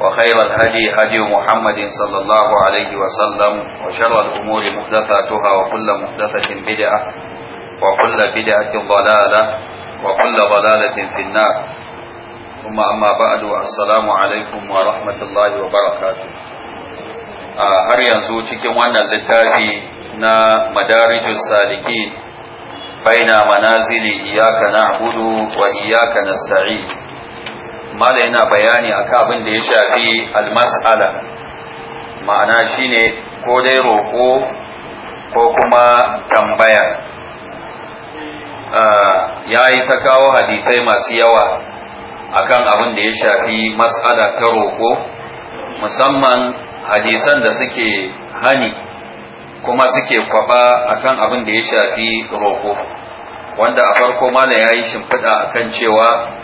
وخير الهدي هدي محمد صلى الله عليه وسلم وشر الأمور محدثاتها وكل محدثة بدعة وكل بدعة ضلالة وكل ضلالة في النار ثم أما بعد السلام عليكم ورحمة الله وبركاته har yanzu cikin wannan littafi na madarijus salikin baina manazili iyaka na'budu wa iyaka nasta'in mala yana bayani akan abin da ya shafi almas'ala ma'ana shine ko dai roƙo ko kuma tambaya ah, ya yi ta kawo hadisai masu yawa akan abin da ya shafi mas'ala ta roƙo musamman hadisan da suke hani kuma suke kwaba akan abin da ya shafi roƙo wanda a farko mala ya yi shimfiɗa akan cewa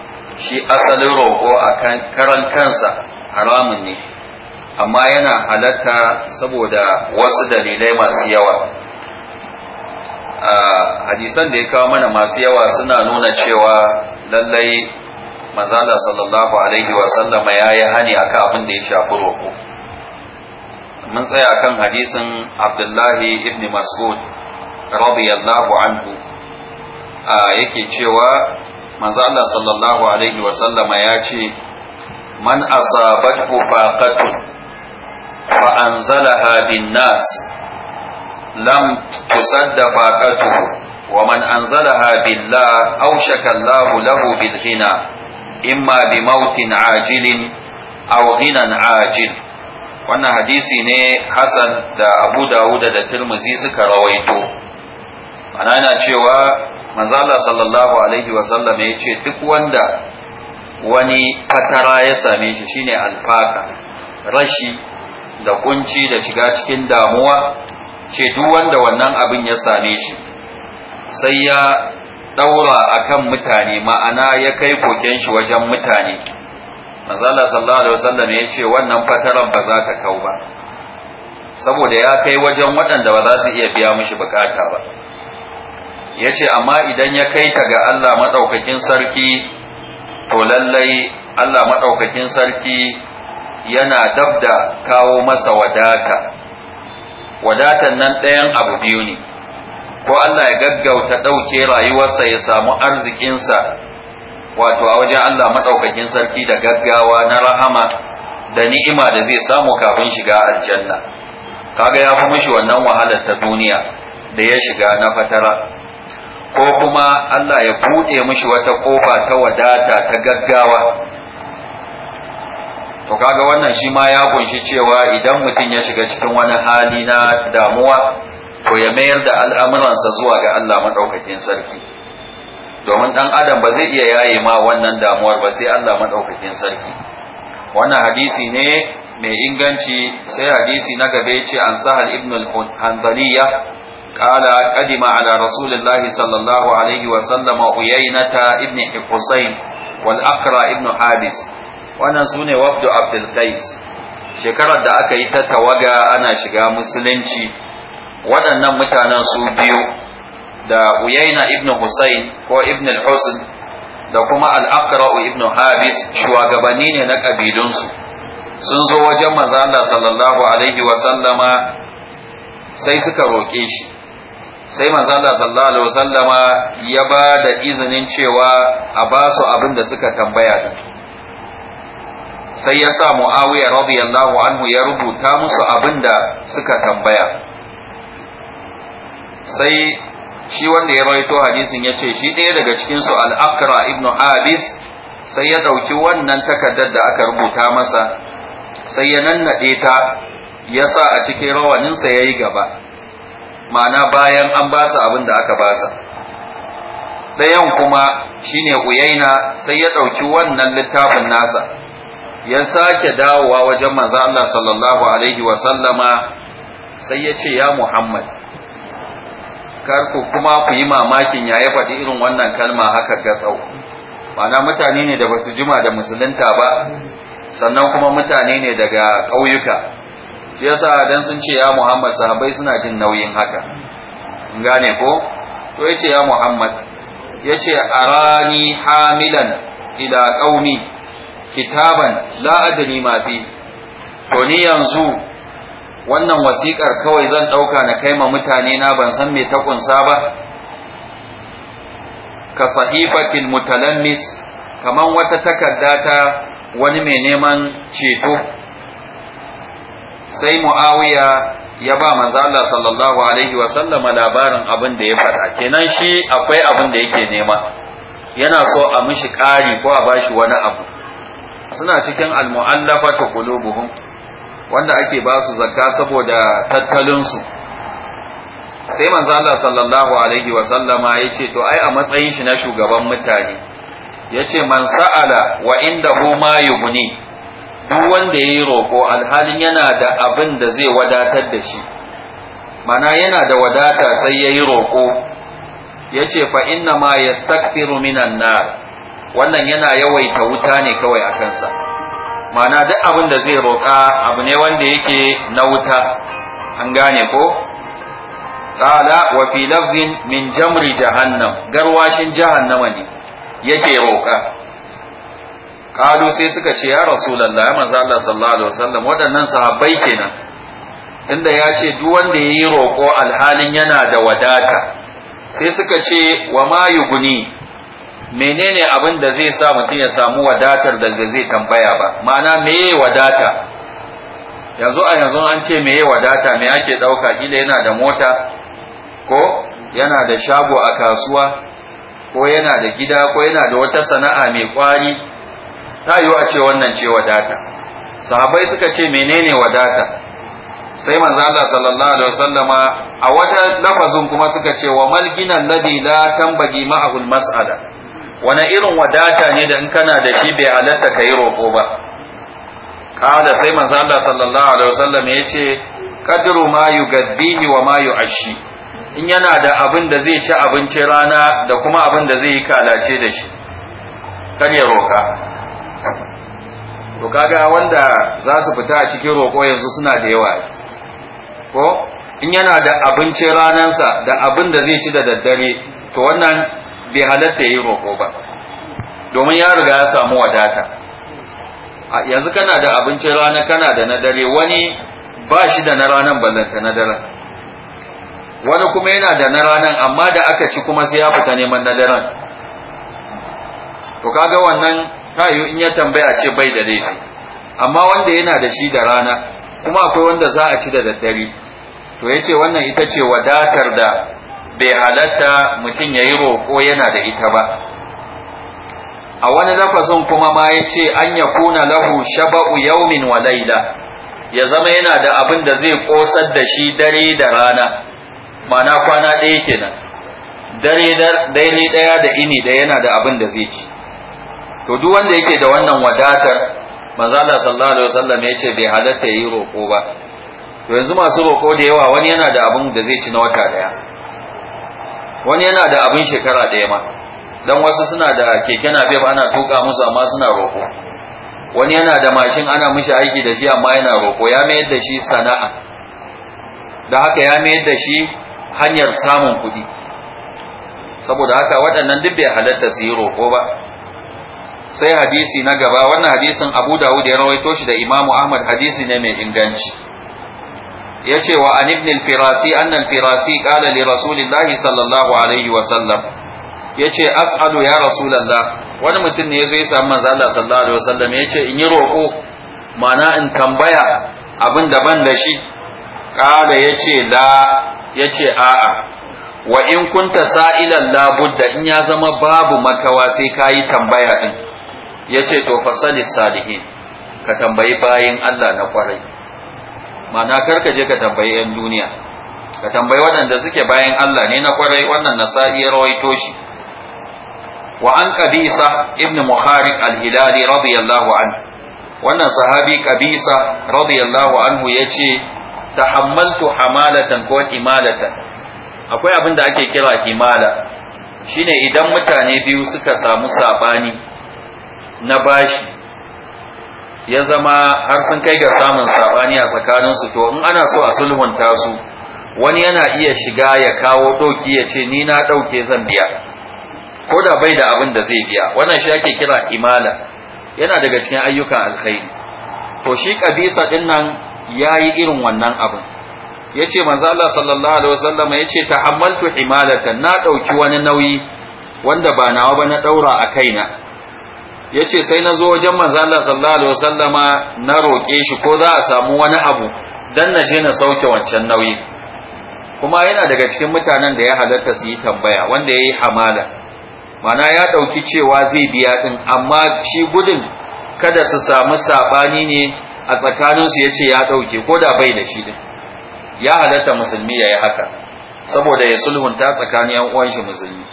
shi asalin roƙo a karan kansa haramun ne amma yana halatta saboda wasu dalilai masu yawa hadisan da ya kawo mana masu yawa suna nuna cewa lallai mazala sallallahu alaihi wasallama ya yi hani a kafin da ya shafi roƙo mun tsaya kan hadisin abdullahi ibn mas'ud yallahu anhu a yake cewa manzo Allah sallallahu alaihi wa sallama ya ce man asabathu faqatu fa anzalaha bin nas lam tusadda faqatuhu ومن أنزلها بالله أوشك الله له بالغنى bi mautin عاجل أو غنى عاجل wannan hadisi ne Hassan da Abu Dawud da Tirmidhi suka rawaito ana yana cewa manzala sallallahu alaihi wasallam ya ce duk wanda wani katara ya same shi shine alfaka rashi da kunci da shiga cikin damuwa ce duk wanda wannan abin ya same shi sai ya daura akan mutane ma'ana ya kai koken shi wajen mutane manzala sallallahu alaihi wasallam ya ce wannan fataran ba za ka kau ba saboda ya kai wajen waɗanda ba za su iya biya mishi bukata ba ya ce amma idan ya kai ta ga Allah maɗaukakin sarki to lallai Allah maɗaukakin sarki yana dab da kawo masa wadata wadatan nan ɗayan abu biyu ne ko Allah ya gaggauta ɗauke rayuwarsa ya samu arzikinsa wato a wajen Allah maɗaukakin sarki da gaggawa na rahama da ni'ima da zai samu kafin shiga aljanna kaga ya fi mishi wannan wahalar ta duniya da ya shiga na fatara ko kuma Allah ya buɗe mishi wata ƙofa ta wadata ta gaggawa to kaga wannan shi ma ya kunshi cewa idan mutum ya shiga cikin wani hali na damuwa to ya mayar da al'amuransa zuwa ga Allah maɗaukakin sarki domin ɗan adam ba zai iya yaye ma wannan damuwar ba sai Allah maɗaukakin sarki wannan hadisi ne mai inganci sai hadisi na gabe ce an sahal ibn al-hanbaliya قال قدم على رسول الله صلى الله عليه وسلم عيينة ابن حسين والأقرى ابن حابس وانا سوني وفد عبد القيس shekarar da aka yi ta tawaga ana shiga musulunci waɗannan mutanen su biyu da uyaina ibn Husayn ko ibn al da kuma al-Aqra'u ibn Habis shugabanni ne na kabilunsu sun zo wajen mazala Allah sallallahu alaihi wa sallama sai suka roƙe shi sai manzo Allah sallallahu alaihi wasallama ya ba da izinin cewa a ba su abin da suka tambaya da, sai ya sa Muawiya radiyallahu anhu ya rubuta musu abin da suka tambaya sai shi wanda ya rawaito hadisin ya ce shi ɗaya daga cikin su al-Aqra ibn Abis sai ya ɗauki wannan takardar da aka rubuta masa sai ya nannade ta ya sa a cikin rawaninsa ya yi gaba ma'ana bayan an ba su abin da aka ba sa ɗayan kuma shine uyaina sai ya ɗauki wannan littafin nasa ya sake dawowa wajen manzo Allah sallallahu alaihi wa sallama sai ya ce ya Muhammad kar ku kuma ku yi mamakin ya faɗi irin wannan kalma haka ga tsau ma'ana mutane ne da basu jima da musulunta ba sannan kuma mutane ne daga ƙauyuka shi yasa dan sun ce ya Muhammad sahabbai suna jin nauyin haka gane ko to yace ya Muhammad yace arani hamilan ila qaumi kitaban la adani ma fi to ni yanzu wannan wasikar kawai zan dauka na kai ma mutane na ban san me ta kunsa ba ka sahifatin mutalammis kaman wata takarda ta wani mai neman ceto sai muawiya ya ba manzala sallallahu alaihi wa sallama labarin abin da ya faɗa kenan shi akwai abin da yake nema yana so a mishi ƙari ko a bashi wani abu suna cikin almu'allafatu qulubuhum wanda ake ba su zakka saboda tattalinsu sai manzo Allah sallallahu alaihi wa sallama ce to ai a matsayin shi na shugaban mutane yace man sa'ala wa inda ma yubni duk wanda ya yi roƙo alhalin yana da abin da zai wadatar da shi mana yana da wadata sai ya yi roƙo ya ce inna ma ya stakfiru minan nar wannan yana yawaita wuta ne kawai a kansa mana duk abin da zai roƙa abu ne wanda yake na wuta an gane ko ƙala wa fi lafzin min jamri jahannam garwashin jahannama ne yake roƙa kalu sai suka ce ya rasu ya manzo Allah sallallahu alaihi wasallam waɗannan sahabbai kenan inda ya ce duk wanda yayi roƙo alhalin yana da wadata sai suka ce wa ma yuguni menene abin da zai sa mutum ya samu wadatar da zai tambaya ba ma'ana yayi wadata yanzu a yanzu an ce me yayi wadata me ake ɗauka kila yana da mota ko yana da shago a kasuwa ko yana da gida ko yana da wata sana'a mai kwari ta yiwu a ce wannan ce wadata sahabbai suka ce menene wadata sai manzo Allah sallallahu alaihi wasallama a wata lafazin kuma suka ce wa malgina ladhi la tambagi ma'ahu masala wani irin wadata ne da in kana da shi bai halatta ka yi roƙo ba kada sai manzo Allah sallallahu alaihi wasallam ya ce qadru ma yugaddihi wa ma yu'ashi in yana da abin da zai ci abincin rana da kuma abin da zai yi kalace da shi kan ya roka to kaga wanda za su fita a cikin roƙo yanzu suna da yawa ko in yana da abincin ranansa da abin da zai ci da daddare to wannan bai halatta yi roƙo ba domin ya riga ya samu wadata yanzu kana da abincin rana kana da na dare wani ba shi da na ranan ballanta na daren wani kuma yana da na ranan amma da aka ci kuma sai ya fita neman na daren to kaga wannan kayo in ya tambaya ce bai da laifi amma wanda yana da shi da rana kuma akwai wanda za a ci da daddare to ya ce wannan ita ce wadatar da bai halatta mutum ya yi roƙo yana da ita ba a wani lafazin kuma ma ya ce an ya kuna lahu shaba'u yaumin wa laila ya zama yana da abin da zai ƙosar da shi dare da rana mana kwana ɗaya kenan dare ɗaya da ini ɗaya yana da abin da zai ci to duk wanda yake da wannan wadatar manzala sallallahu alaihi wasallam yace bai halatta yi roko ba to yanzu masu roko da yawa wani yana da abin da zai ci na wata daya wani yana da abin shekara daya ma dan wasu suna da keke na ba ana tuka musu amma suna roko wani yana da mashin ana mishi aiki da shi amma yana roko ya mayar da shi sana'a da haka ya mayar da shi hanyar samun kuɗi saboda haka waɗannan duk bai halatta su yi roko ba sai hadisi na gaba wannan hadisin abu dawud ya rawaito shi da imamu ahmad hadisi ne mai inganci ya ce wa an ibn al-firasi anna al-firasi qala li rasulillahi sallallahu alaihi wa sallam ya ce as'alu ya rasulallah wani mutum ne ya zo ya samu manzo Allah sallallahu alaihi wa sallam ya ce in yi roƙo mana in tambaya abin daban da shi qala ya ce la ya ce a'a wa in kunta sa'ilan la budda in ya zama babu makawa sai kayi tambaya din ya ce to fasali salihin ka tambayi bayin Allah na kwarai mana karka je ka tambayi 'yan duniya ka tambayi waɗanda suke bayan Allah ne na kwarai wannan nasa'i ya rawaito shi wa an kabisa ibn muharik al-hilali radiyallahu anhu wannan sahabi kabisa radiyallahu anhu yace tahammaltu hamalatan ko imalatan? akwai abin da ake kira himala shine idan mutane biyu suka samu sabani na bashi ya zama har sun kai ga samun sabani a tsakaninsu to in ana so a sulhunta su wani yana iya shiga ya kawo ɗauki ya ce ni na ɗauke zan biya ko da bai da abin da zai biya wannan shi ake kira imala yana daga cikin ayyukan alkhairi to shi kabisa din nan yayi irin wannan abin yace manzo Allah sallallahu alaihi wasallam yace ta'ammaltu imalatan na ɗauki wani nauyi wanda ba nawa ba na ɗaura a kaina ya ce sai na zo wajen manzala sallallahu alaihi wasallama na roƙe shi ko za a samu wani abu dan naje na sauke wancan nauyi kuma yana daga cikin mutanen da ya halatta su yi tambaya wanda ya yi hamala mana ya ɗauki cewa zai biya ɗin amma shi gudun kada su samu saɓani ne a tsakaninsu ya ce ya ɗauke ko da bai da shi ɗin ya halatta musulmi ya yi haka saboda ya sulhunta tsakanin 'yan uwan shi musulmi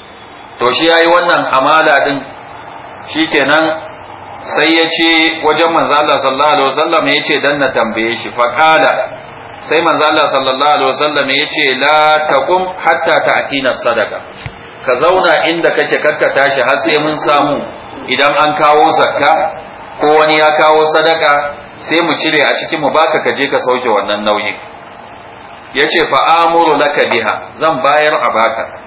to shi ya yi wannan hamala ɗin Shi shikenan sai ya ce wajen Manzala sallallahu alaihi wasallam ya ce dan na tambaye shi fa sai Manzala sallallahu alaihi wasallam ya ce la taqum hatta ta'tina sadaka ka zauna inda kake karka tashi har sai mun samu idan an kawo zakka ko wani ya kawo sadaka sai mu cire a cikin mu baka je ka sauke wannan nauyin yace fa amuru laka biha zan bayar a baka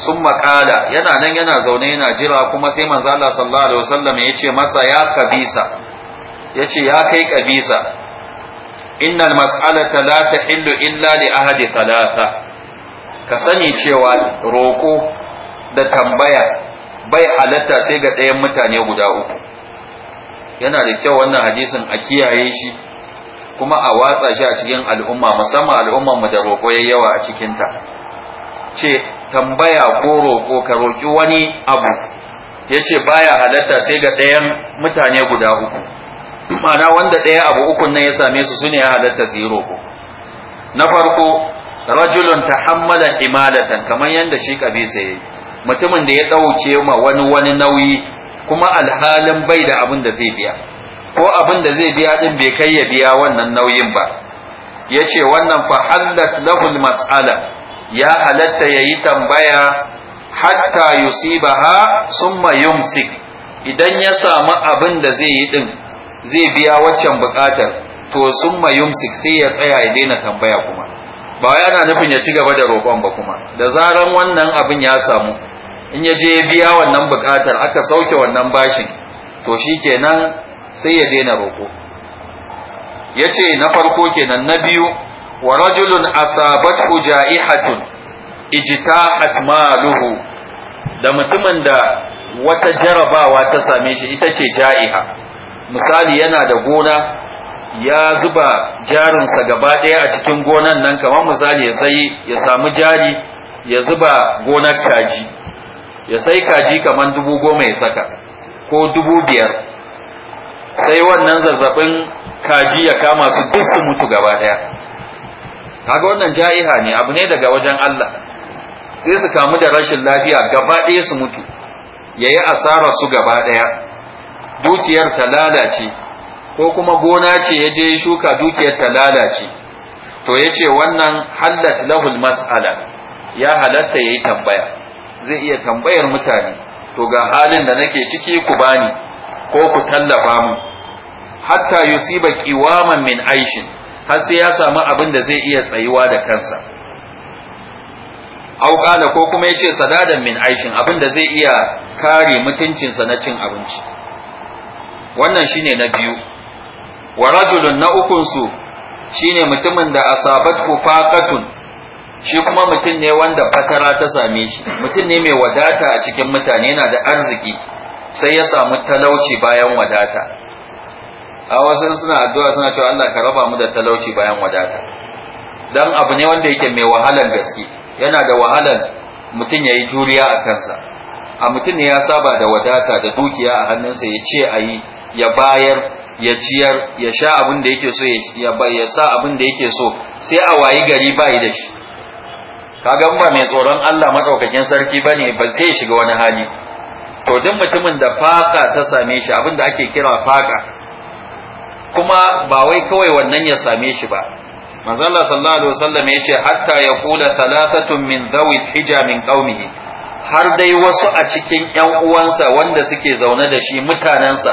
sun makala yana nan yana zaune yana jira kuma sai manzo Allah sallallahu alaihi wasallam ya ce masa ya kabisa ya ce ya kai kabisa innal mas'alata la tahillu illa li ahadi thalatha ka sani cewa roko da tambaya bai halatta sai ga ɗayan mutane guda uku yana da kyau wannan hadisin a kiyaye shi kuma a watsa shi a cikin al'umma musamman al'umman mu da roko yayi yawa a cikinta ce tambaya ko roƙo ka roƙi wani abu ya ce baya halatta sai ga ɗayan mutane guda uku mana wanda ɗaya abu ukun nan ya same su sune ya halatta su roƙo na farko rajulun tahammala imalatan kamar yadda shi kabisa yi. mutumin da ya ɗauke ma wani wani nauyi kuma alhalin bai da abin da zai biya ko abin da zai biya din bai kai ya biya wannan nauyin ba Ya ce wannan fa hallat lahul mas'ala ya halatta ya yi tambaya hatta yusibaha summa yumsik idan ya samu abin da zai yi din zai biya waccan buƙatar to summa yumsik sai ya tsaya ya daina tambaya kuma ba wai ana nufin ya ci gaba da roƙon ba kuma da zaran wannan abin ya samu in ya je ya biya wannan buƙatar aka sauke wannan bashin to shikenan sai ya daina roƙo yace na farko kenan na biyu wa rajulun asabathu ja'ihatun ماله maluhu da mutumin da wata jarabawa ta same shi ita ce ja'iha misali yana da gona ya zuba jarinsa gaba ɗaya a cikin gonan nan kamar misali ya sai ya samu jari ya zuba gonar kaji ya sai kaji kamar dubu goma ya saka ko dubu biyar sai wannan zazzabin kaji ya kama su duk su mutu gaba ɗaya kaga wannan ja'iha ne abu ne daga wajen Allah sai su kamu da rashin lafiya gaba ɗaya su mutu yayi asara su gaba ɗaya dukiyar ta lalace ko kuma gona ce ya je shuka dukiyar ta lalace to yace wannan hallat lahul mas'ala ya halatta yayi yi tambaya zai iya tambayar mutane to ga halin da nake ciki ku bani ko ku tallafa mu hatta yusiba qiwaman min aishin har sai ya samu abin da zai iya tsayuwa da kansa kala ko kuma ya ce sadadan min aishin abin da zai iya kare mutuncinsa na cin abinci wannan shine na biyu wa rajulun na ukunsu shine mutumin da ku faqatun shi kuma mutum ne wanda fatara ta same shi mutum ne mai wadata a cikin mutane yana da arziki sai ya samu talauci bayan wadata a wasu suna addu'a suna cewa Allah ka raba mu da talauci bayan wadata dan abu ne wanda yake mai wahalan gaske yana da wahalan mutum yayi juriya a kansa a mutum ne ya saba da wadata da dukiya a hannunsa ya ce ayi ya bayar ya ciyar ya sha abin da yake so ya ya sa abin da yake so sai a wayi gari bai da shi kaga ba mai tsoron Allah madaukakin sarki bane ba sai shiga wani hali to duk mutumin da faka ta same shi abin da ake kira faka kuma ba wai kawai wannan ya same shi ba manzala sallallahu alaihi wasallam ya ce hatta ya kula talatatun min zawil hija min qaumihi har dai wasu a cikin ƴan uwansa wanda suke zaune da shi mutanensa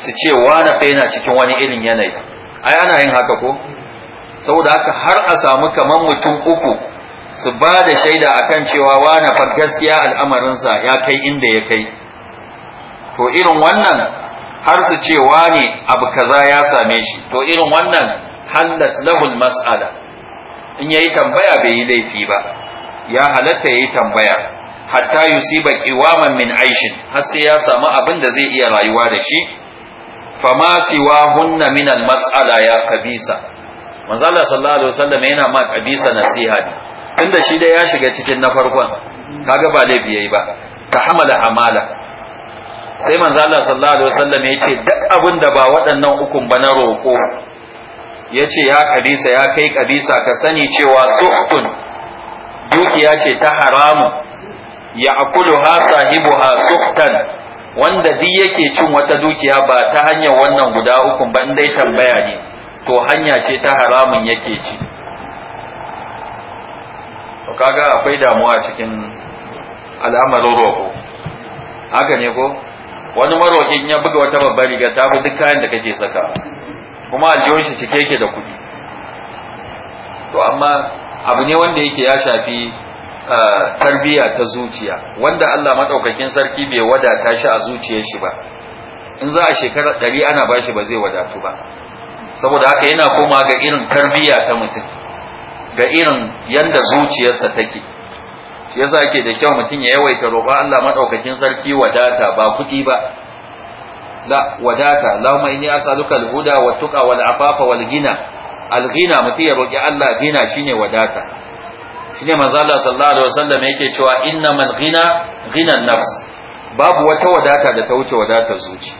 su ce wani fa yana cikin wani irin yanayi ai ana yin haka ko saboda haka har a samu kaman mutum uku su ba da shaida akan cewa wani fa gaskiya al'amarinsa ya kai inda ya kai to irin wannan har su ce wani abu kaza ya same shi to irin wannan halat lahul mas'ala in yayi tambaya bai yi laifi ba ya halatta yayi tambaya hatta yusiba qiwaman min aishin har sai ya samu abin da zai iya rayuwa da shi fama siwa hunna min al mas'ala ya kabisa manzo Allah sallallahu alaihi wasallam yana ma kabisa nasiha ne tunda shi da ya shiga cikin na farkon kaga ba laifi yayi ba ta hamala amala. sai manzo Allah sallallahu alaihi wasallam ya ce duk abin da ba waɗannan ukun ba na roƙo ya ce ya kabisa ya kai kabisa ka sani cewa suhkun dukiya ce ta haramu ya akulu ha sahibu ha suktan wanda duk yake cin wata dukiya ba ta hanyar wannan guda ukun ba in dai tambaya ne to hanya ce ta haramun yake ci to kaga akwai damuwa cikin al'amarin roƙo haka ne ko wani maroƙin ya buga wata babbar riga ta bi duk kayan da kake saka kuma aljihun shi cike yake da kuɗi to amma abu ne wanda yake ya shafi tarbiyya ta zuciya wanda Allah madaukakin sarki bai wadata shi a zuciyar shi ba in za a shekara ɗari ana bashi ba zai wadatu ba saboda haka yana koma ga irin tarbiyya ta mutum ga irin yanda zuciyarsa take ya yasa da kyau mutum ya yawaita roƙon Allah maɗaukakin sarki wadata ba kuɗi ba la wadata ma inni as'aluka alhuda wa tuqa wal afafa wal ghina al-ghina mutum ya roƙi Allah ghina shine wadata shine manzo Allah sallallahu alaihi wasallam yake cewa innamal ghina ghina an-nafs babu wata wadata da ta wuce wadatar zuci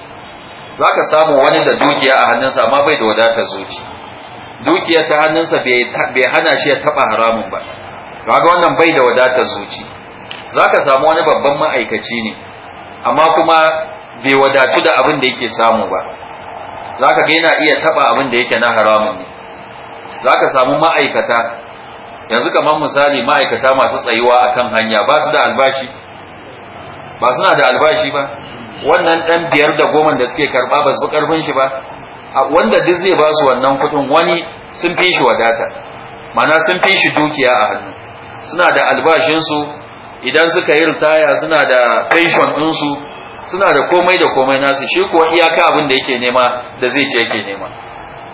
zaka samu wani da dukiya a hannunsa amma bai da wadatar zuci dukiyar ta hannunsa bai hana shi ya taba haramun ba kaga wannan bai da wadatar zuci zaka samu wani babban ma'aikaci ne amma kuma bai wadatu da abin da yake samu ba zaka ga yana iya taba abin da yake na haramun ne zaka samu ma'aikata yanzu kamar misali ma'aikata masu tsayuwa a kan hanya ba su da albashi ba suna da albashi ba wannan dan biyar da goma da suke karba ba su karfin shi ba wanda duk zai ba su wannan kudin wani sun fi shi wadata mana sun fi shi dukiya a hannu suna da albashinsu idan suka yi ritaya suna da pension ɗinsu suna da komai da komai nasu shi kuwa iyaka abin da yake nema da zai ce yake nema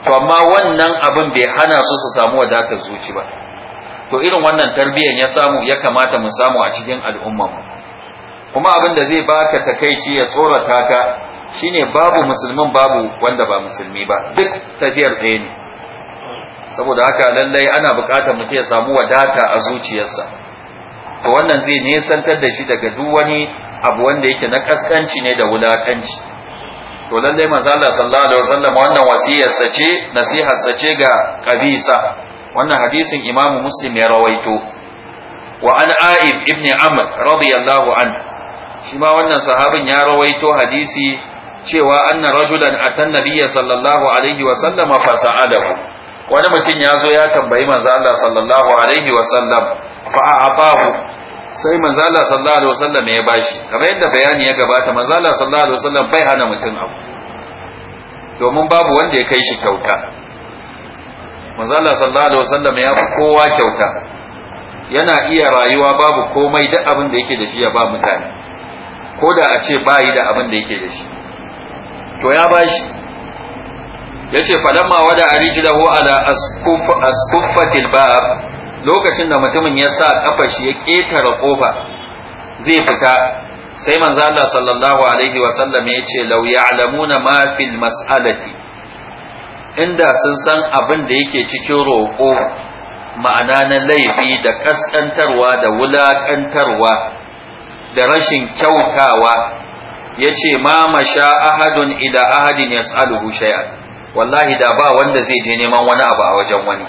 to amma wannan abin bai hana su su samu wadatar zuci ba to irin wannan tarbiyyar ya samu ya kamata mu samu a cikin al'umma mu kuma abin da zai baka takaici ya tsorata ka shine babu musulmin babu wanda ba musulmi ba duk tafiyar ɗaya ne saboda haka lallai ana buƙatar mutum ya samu wadata a zuciyarsa to wannan zai nesantar da shi daga duk wani abu wanda yake na kaskanci ne da wulakanci to lallai manzo Allah sallallahu alaihi wasallam wannan wasiyarsa ce nasiharsa ce ga qabisa wannan hadisin Imam Muslim ya rawaito wa an Aib ibn Amr radiyallahu anhu shi ma wannan sahabin ya rawaito hadisi cewa anna rajulan atan nabiyya sallallahu alaihi wasallam fa sa'alahu wani mutum ya zo ya tambayi manzo Allah sallallahu alaihi wasallam fa a'tahu sai manzo Allah sallallahu alaihi wasallam ya bashi kamar yadda bayani ya gabata manzo Allah sallallahu alaihi wasallam bai hana mutum abu domin babu wanda ya kai shi kyauta manzo Allah sallallahu alaihi wasallam ya fi kowa kyauta yana iya rayuwa babu komai duk abin da yake da shi ya ba mutane ko da a ce bayi da abin da yake da shi to ya bashi yace falamma wada arijlahu ala askuf askuffatil bab lokacin da mutumin ya sa kafar shi ya ketare kofa zai fita sai manzo Allah sallallahu alaihi wa sallam yace law ya'lamuna ma fil mas'alati inda sun san abin da yake cikin roƙo ma'ana na laifi da kaskantarwa da wulakantarwa da rashin kyautawa yace ma masha ahadun ila ahadin yas'aluhu shay'an wallahi da ba wanda zai je neman wani abu a wajen wani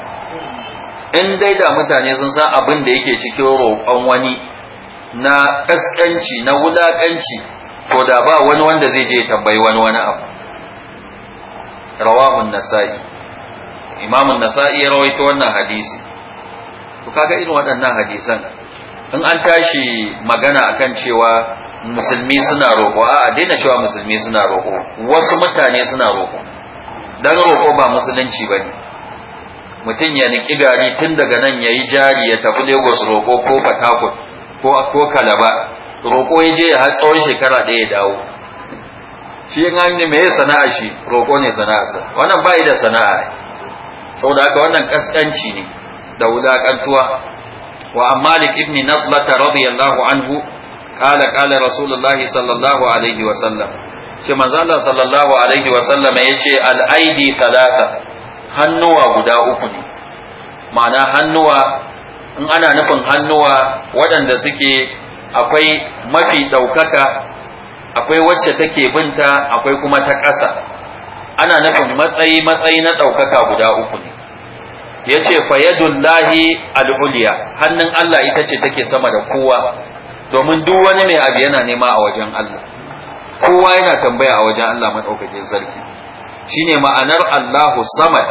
in dai da mutane sun san abin da yake cikin roƙon wani na ƙasƙanci na wulaƙanci to da ba wani wanda zai je tambayi wani wani abu rawahun nasa'i imamun nasa'i ya rawaito wannan hadisi to kaga irin waɗannan hadisan in an tashi magana akan cewa musulmi suna roƙo a daina cewa musulmi suna roƙo wasu mutane suna roƙo dan roƙo ba musulunci ba ne mutum ya niki gari tun daga nan ya yi jari ya tafi lagos roƙo ko fatakun ko kalaba roƙo ya je ya har tsawon shekara ɗaya ya dawo shi yin hannu mai sana'a shi roƙo ne sana'a. wannan ba da sana'a da aka wannan ƙasƙanci ne da wulaƙantuwa wa malik ibn nadlata radiyallahu anhu قال قال رسول الله صلى الله عليه وسلم ce manzo Allah sallallahu alaihi wa ya yace al-aidi talata hannuwa guda uku ne ma'ana hannuwa in ana nufin hannuwa waɗanda suke akwai mafi ɗaukaka akwai wacce take binta akwai kuma ta ƙasa ana nufin matsayi matsayi na ɗaukaka guda uku ne ya ce fayadullahi al'uliya hannun Allah ita ce take sama da kowa domin duk wani mai abu yana nema a wajen Allah kowa yana tambaya a wajen Allah madaukakin sarki shine ma'anar Allahu samad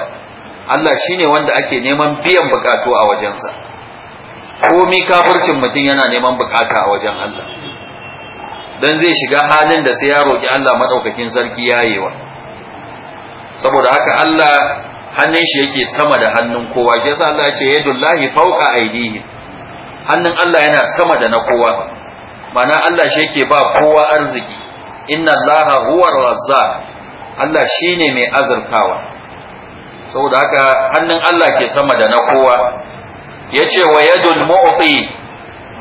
Allah shine wanda ake neman biyan bukatu a wajensa komi kafircin mutum yana neman bukata a wajen Allah dan zai shiga halin da sai ya roki Allah madaukakin sarki yayewa saboda haka Allah hannun shi yake sama da hannun kowa shi yasa Allah ce yadullahi fawqa aydihim hannun Allah yana sama da na kowa ma'ana Allah shi yake ba kowa arziki inna allaha huwa razza Allah shi ne mai azurkawa saboda haka hannun Allah ke sama da na kowa yace wa yadul mu'ti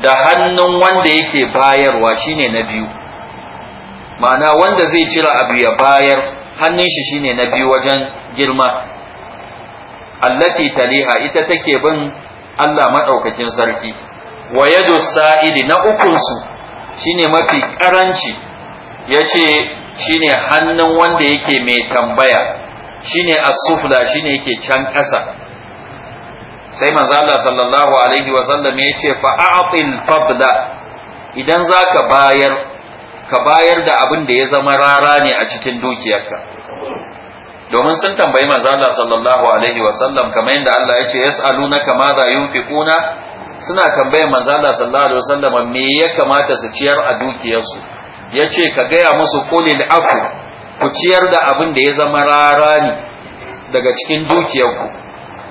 da hannun wanda yake bayarwa shi ne na biyu ma'ana wanda zai cira abu ya bayar hannun shi shi ne na biyu wajen girma allati taliha ita take bin Allah maɗaukakin sarki wa yadus na ukunsu shi ne mafi ƙaranci. ya ce shi ne hannun wanda yake mai tambaya shi ne asufla shi ne yake can ƙasa sai manzala sallallahu alaihi wasallam ya ce fa'a'atil fabla idan za ka bayar ka bayar da abin da ya zama rara ne a cikin dukiyarka domin sun tambayi manzala sallallahu alaihi wasallam kamar yadda Allah ya ce ya yas'alunaka yi za kuna suna tambayar manzala sallallahu alaihi wasallam me ya kamata su ciyar a dukiyarsu ya ce ka gaya musu kolil aku ku ciyar da abin da ya zama rara ne daga cikin dukiyarku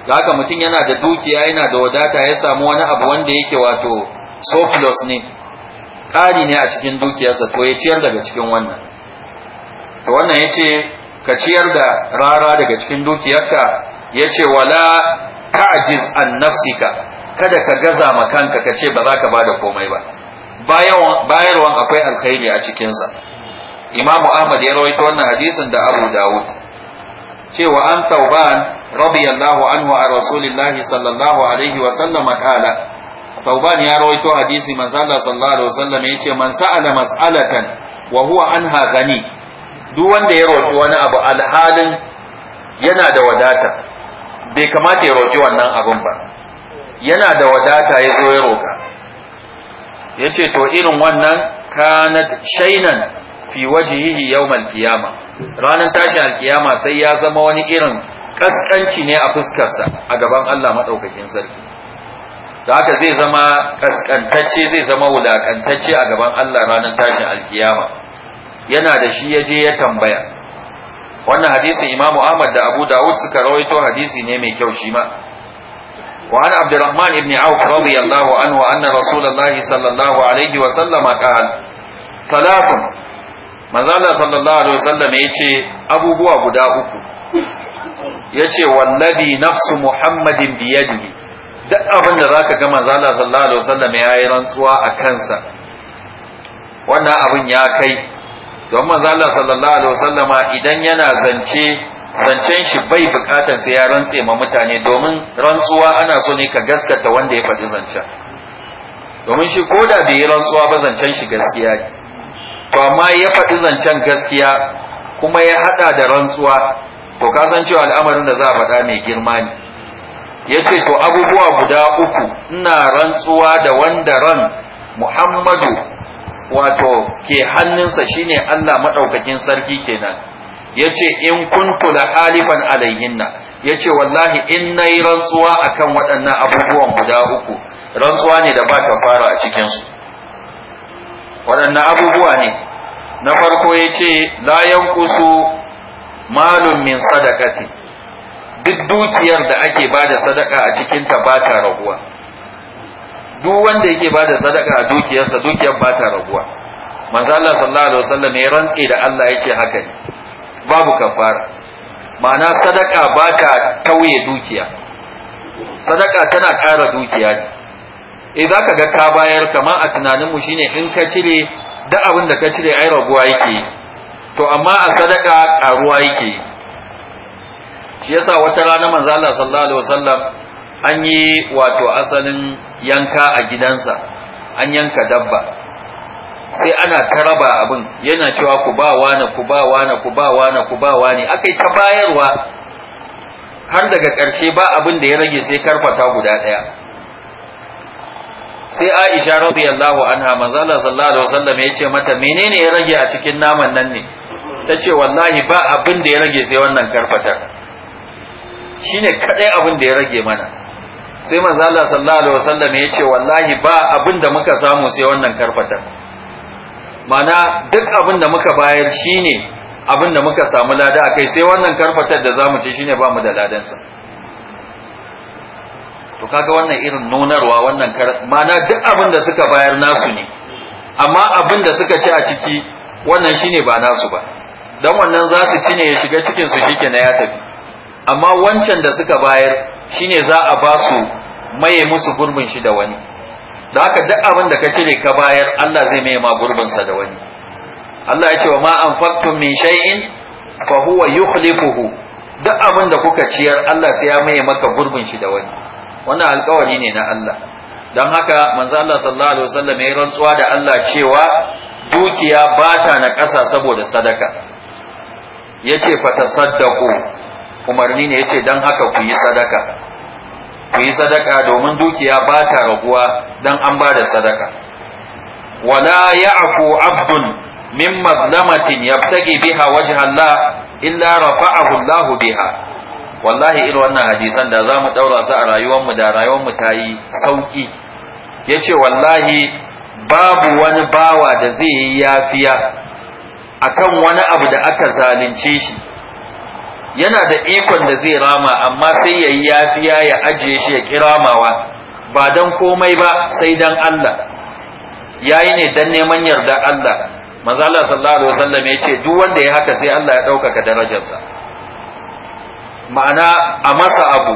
da haka mutum yana da dukiya yana da wadata ya samu wani abu wanda yake wato surplus ne ƙari ne a cikin dukiyarsa to ya ciyar daga cikin wannan to wannan ya ce ka ciyar da rara daga cikin dukiyarka ya ce wala ta'jiz an nafsika kada ka gaza ma kanka ka ce ba za ka ba da komai ba bayarwan akwai alkhairi a cikinsa imamu ahmad ya rawaito wannan hadisin da abu dawud cewa an tauban radiyallahu anhu a rasulillahi sallallahu alaihi wa sallama kala tauban ya rawaito hadisi manzo Allah sallallahu alaihi wa sallam yace man sa'ala mas'alatan wa huwa anha gani duk wanda ya roki wani abu alhalin yana da wadata bai kamata ya roki wannan abun ba yana da wadata ya zo ya roka ya ce to irin wannan kanat shainan fi wajihihi yawmal qiyama ranar tashin alkiyama sai ya zama wani irin kaskanci ne a fuskarsa a gaban Allah madaukakin sarki da haka zai zama kaskantacce zai zama wulakantacce a gaban Allah ranar tashin alkiyama yana da shi ya je ya tambaya wannan hadisin imamu ahmad da abu dawud suka rawaito hadisi ne mai kyau shi ma وعن عبد الرحمن بن عوف رضي الله عنه أن رسول الله صلى الله عليه وسلم قال ثلاث مازال صلى الله عليه وسلم يتي أبو بوا بداؤك يتي والذي نفس محمد بيده duk abin da zaka ga manzo sallallahu alaihi wasallam yayi rantsuwa a kansa wannan abin ya kai don manzo sallallahu alaihi wasallama idan yana zance zancen shi bai bukatar sai ya rantse ma mutane domin rantsuwa ana so ne ka gaskata wanda ya faɗi zancen domin shi ko da bai yi rantsuwa ba zancen shi gaskiya ne to amma ya faɗi zancen gaskiya kuma ya haɗa da rantsuwa to ka san cewa al'amarin da za a faɗa mai girma ne ya ce to abubuwa guda uku ina rantsuwa da wanda ran muhammadu wato ke hannunsa shine allah maɗaukakin sarki kenan yace in kuntu la alifan alayhinna yace wallahi in nayi rantsuwa akan waɗannan abubuwan guda uku rantsuwa ne da ba fara a cikin su waɗannan abubuwa ne na farko yace la yanqusu malun min sadaqati duk dukiyar da ake bada sadaka a cikin ta ba ta raguwa duk wanda yake bada sadaka a dukiyarsa dukiyar ba ta raguwa manzo Allah sallallahu alaihi wasallam ya rantsi da Allah yace haka ne babu kafara ma'ana sadaka ba ta tauye dukiya sadaka tana ƙara dukiya ne eh za ka ga ka bayar kamar a tunaninmu shine in ka cire da abin da ka cire ai raguwa yake to amma a sadaka ƙaruwa yake shi yasa wata rana manzo Allah sallallahu alaihi wasallam an yi wato asalin yanka a gidansa an yanka dabba sai ana taraba abin yana cewa ku ba wani ku ba wani ku ba wani ku ba wani akai ta bayarwa har daga ƙarshe ba abin da ya rage sai karfata guda ɗaya sai Aisha radiyallahu anha manzo Allah sallallahu alaihi wasallam ya ce mata menene ya rage a cikin naman nan ne tace wallahi ba abin da ya rage sai wannan karfata shine kadai abin da ya rage mana sai manzo Allah sallallahu alaihi wasallam ya ce wallahi ba abin da muka samu sai wannan karfata mana duk abin da muka bayar shine abin da muka samu lada a kai sai wannan karfatar da za mu ci shine ba mu da ladansa to kaga wannan irin nonarwa wannan mana duk abin da suka bayar nasu ne amma abin da suka ci a ciki wannan shine ba nasu ba dan wannan za su ci ne ya shiga cikin su shike na ya tafi amma wancan da suka bayar shine za a ba su maye musu gurbin shi da wani da haka duk abin da ka cire ka bayar Allah zai mai ma gurbinsa da wani Allah ya ce wa ma anfaqtum min shay'in fa huwa yukhlifuhu duk abin da kuka ciyar Allah sai ya mai maka gurbin shi da wani wannan alƙawari ne na Allah dan haka manzo Allah sallallahu alaihi wasallam ya rantsuwa da Allah cewa dukiya ba ta na ƙasa saboda sadaka yace fa tasaddaqu umarni ne yace dan haka ku yi sadaka ku yi sadaka domin dukiya ba ta raguwa don an ba da sadaka wala ya aku abdun min mazlamatin ya yabtagi biha waje Allah illa rafa'ahu hulahu biha wallahi irin wannan hadisan da za mu ɗaura su a rayuwar mu da rayuwar mu sauƙi. Ya ce wallahi babu wani bawa da zai yi yafiya akan wani abu da aka zalunce shi yana da ikon da zai rama amma sai ya yi yafiya ya ajiye shi ya kiramawa ba don komai ba sai don Allah ya yi ne don neman yarda Allah manzala sallallahu alaihi wasallam ya ce duk wanda ya haka sai Allah ya ɗaukaka darajarsa ma'ana a masa abu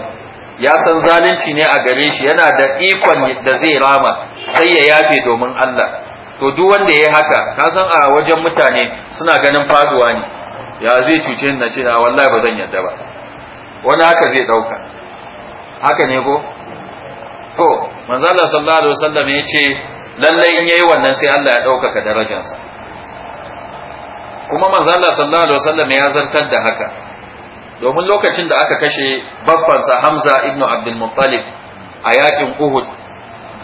ya san zalunci ne a gare shi yana da ikon da zai rama sai ya yafe domin Allah to duk wanda ya haka ka san a wajen mutane suna ganin faduwa ne ya zai cuce ni na ce na ah, wallahi ba zan yadda ba wani haka zai dauka haka ne ko to manzo Allah sallallahu alaihi wasallam ya ce lalle in yayi wannan sai Allah ya dauka ka darajarsa kuma manzo Allah sallallahu alaihi wasallam ya zartar da haka domin lokacin da aka kashe sa Hamza ibn Abdul Muttalib a yakin Uhud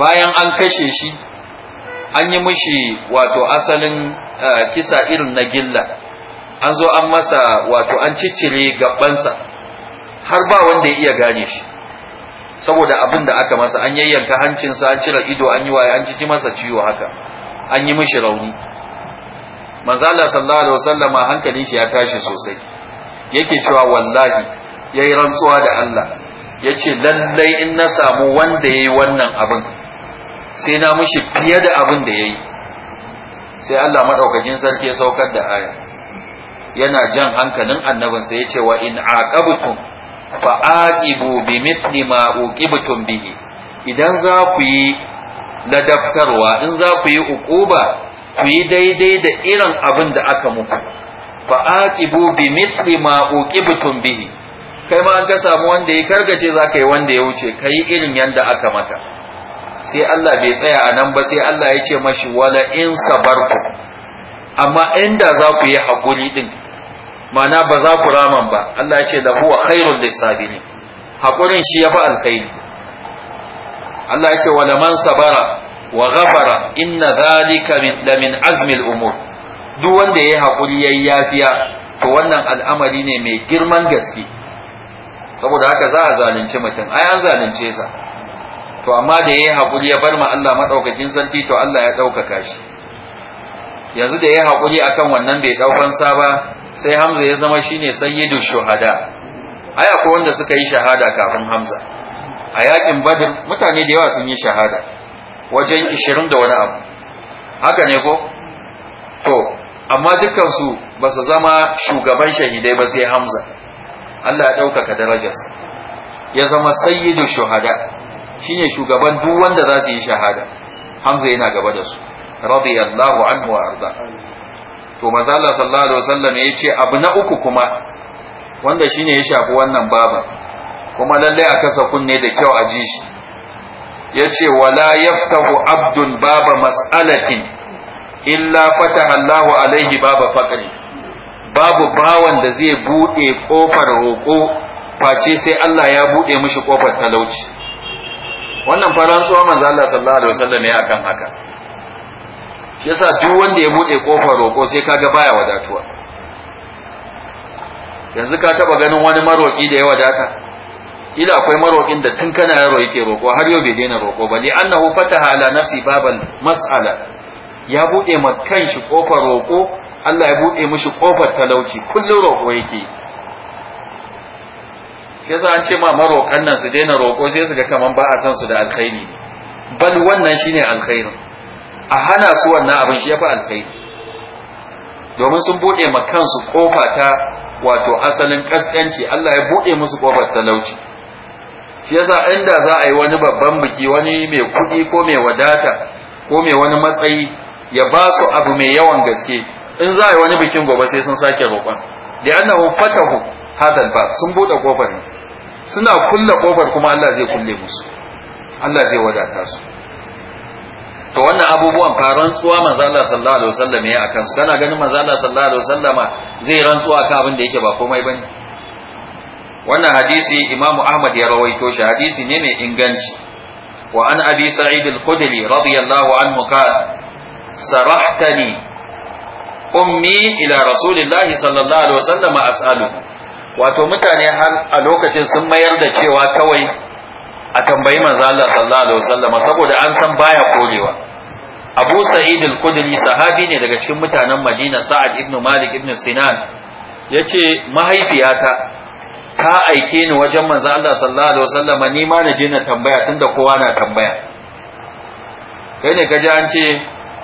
bayan an kashe shi an yi mishi wato asalin eh, kisa irin na gilla an zo an masa wato an ciccire gabansa har ba wanda ya iya gane shi saboda abin da aka masa an yayyanka hancinsa an cire ido an yi waye an ciki masa ciwo haka an yi mishi rauni manzala sallallahu alaihi wasallama hankalin shi ya tashi sosai yake cewa wallahi yayi rantsuwa da Allah yace lallai in na samu wanda yayi wannan abin sai na mishi fiye da abin da yayi sai Allah madaukakin sarki ya saukar da aya yana jan hankalin annabinsa ya yace wa in aqabtum fa aqibu bi mithli ma uqibtum bihi idan za ku yi ladaftarwa in za ku yi uquba ku yi daidai da irin abin da aka muku fa aqibu bi mithli ma uqibtum bihi kai ma an ka samu wanda ya kargace za yi wanda ya wuce kai irin yanda aka maka sai Allah bai tsaya a nan ba sai Allah ya ce mashi wala in sabarku amma inda za ku yi haƙuri ɗin ma'ana ba za ku raman ba Allah ya ce da huwa khairul lisabili hakurin shi yafi alkhairi Allah ya ce wa man sabara wa ghafara inna dhalika min da min azmil umur duk wanda yayi hakuri yayi yafiya to wannan al'amari ne mai girman gaske saboda haka za a zalunci mutum ai an zalunce sa to amma da yayi hakuri ya bar ma Allah madaukakin sarki to Allah ya daukaka shi yanzu da yayi hakuri akan wannan bai daukan sa ba sai hamza ya zama shine sayyidu shuhada ai akwai wanda suka yi shahada kafin hamza a yakin badr mutane da yawa sun yi shahada wajen 20 da wani abu haka ne ko to amma dukkan su ba su zama shugaban shahidai ba sai hamza Allah ya ɗaukaka darajarsa ya zama sayyidu shuhada shine shugaban duk wanda za su yi shahada hamza yana gaba da su radiyallahu anhu wa arda to mazala sallallahu alaihi wasallam ya ce abu na uku kuma wanda shine ya shafi wannan baba kuma lalle a kasa kunne da kyau a ji shi ya ce wala yaftahu abdun baba mas'alatin illa fataha Allahu alaihi baba faqri babu bawan da zai bude kofar roko face sai Allah ya bude mishi kofar talauci wannan Faransuwa manzo Allah sallallahu alaihi wasallam ya akan haka yasa duk wanda ya bude kofar roƙo sai kaga baya wadatuwa yanzu ka taba ganin wani maroƙi da ya wadata ila akwai maroƙin da tun kana yaro yake roƙo har yau bai daina roƙo ba ne? annahu fataha ala nafsi babal mas'ala ya bude ma kanshi kofar roƙo Allah ya bude mishi kofar talauci kullun roƙo yake yasa an ce ma maroƙan nan su daina roƙo sai su ga kaman ba a san su da alkhairi bal wannan shine alkhairin a hana su wannan abin shi ya fi alkhairi domin sun buɗe ma kansu ƙofa ta wato asalin ƙasƙanci Allah ya buɗe musu kofar talauci shi yasa inda za a yi wani babban biki wani mai kuɗi ko mai wadata ko mai wani matsayi ya ba su abu mai yawan gaske in za a yi wani bikin gobe sai sun sake roƙon da annahu fatahu hadal ba sun buɗe ƙofar suna kulle kofar kuma Allah zai kulle musu Allah zai wadata su to wannan abubuwan fa rantsuwa manzo Allah sallallahu alaihi wasallam ya akan su kana ganin manzo Allah sallallahu alaihi wasallam zai rantsuwa kan abin da yake ba komai bane wannan hadisi Imam Ahmad ya rawaito shi hadisi ne mai inganci wa an Abi Sa'id al-Khudri radiyallahu anhu qala sarahtani ummi ila rasulillahi sallallahu alaihi wasallam as'aluhu wato mutane har a lokacin sun mayar da cewa kawai a tambayi manzo Allah sallallahu alaihi wasallam saboda an san baya korewa Abu Sa'id al-Khudri sahabi ne daga cikin mutanen Madina Sa'ad ibn Malik ibn Sinan yace mahaifiyata ta aike ni wajen manzo Allah sallallahu alaihi wasallam ni ma na je na tambaya tunda kowa na tambaya kai ne kaji an ce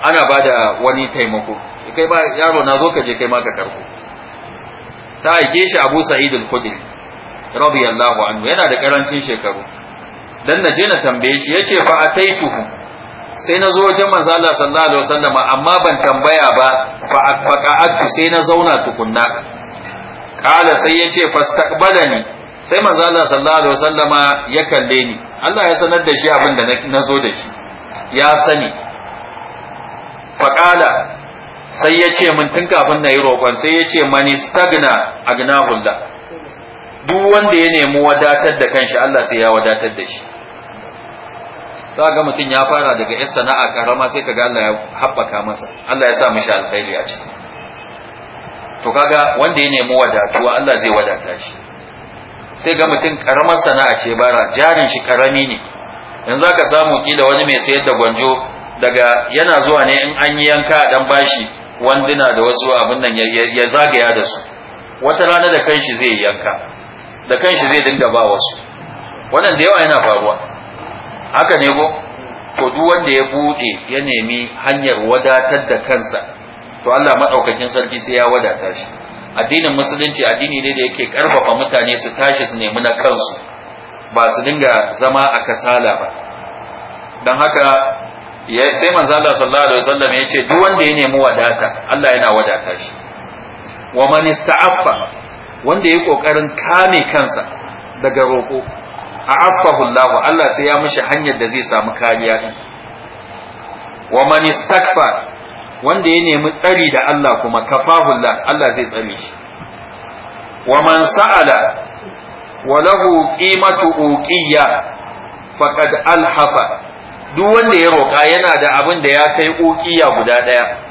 ana bada wani taimako kai ba yaro na zo ka je kai ma ka karbo ta aike shi Abu Sa'id al-Khudri radiyallahu anhu yana da karancin shekaru dan na je na tambaye shi yace fa ataituhu sai na zo wajen manzo Allah sallallahu alaihi wasallam amma ban tambaya ba fa faqa'atu sai na zauna tukunna kala sai yace fastaqbalani sai manzo Allah sallallahu alaihi wasallama ya kalle ni Allah ya sanar da shi abin da na zo da shi ya sani faqala sai yace mun tun kafin na yi roƙon sai yace "Stagna stagna agnahulla duk wanda ya nemi wadatar da kanshi Allah sai ya wadatar da shi za ga mutum ya fara daga yan sana'a karama sai kaga Allah ya haɓaka masa Allah ya sa mashi alkhairi a ciki to kaga wanda ya nemi wadatuwa Allah zai wadata shi sai ga mutum karamar sana'a ce bara jarin shi karami ne yanzu ka samu kila wani mai sayar da gwanjo daga yana zuwa ne in an yi yanka a dan bashi wanduna da wasu abin nan ya zagaya da su wata rana da kanshi zai yanka da kanshi zai dinga ba wasu wannan da yawa yana faruwa haka ne ko duk wanda ya bude ya nemi hanyar wadatar da kansa to Allah madaukakin sarki sai ya wadata shi addinin musulunci addini ne da yake karfafa mutane su tashi su nemi na kansu ba su dinga zama a kasala ba don haka sai manzo Allah sallallahu alaihi wasallam ya ce duk wanda ya nemi wadata Allah yana wadata shi wa man ista'affa wanda ya yi kokarin kame kansa daga roƙo a affahullahu Allah sai ya mishi hanyar da zai samu kariya din wa man wanda ya nemi tsari da Allah kuma kafahullah Allah zai tsare shi wa man sa'ala wa lahu qimatu uqiyya faqad alhafa duk wanda ya roƙa yana da abin da ya kai uqiyya guda ɗaya.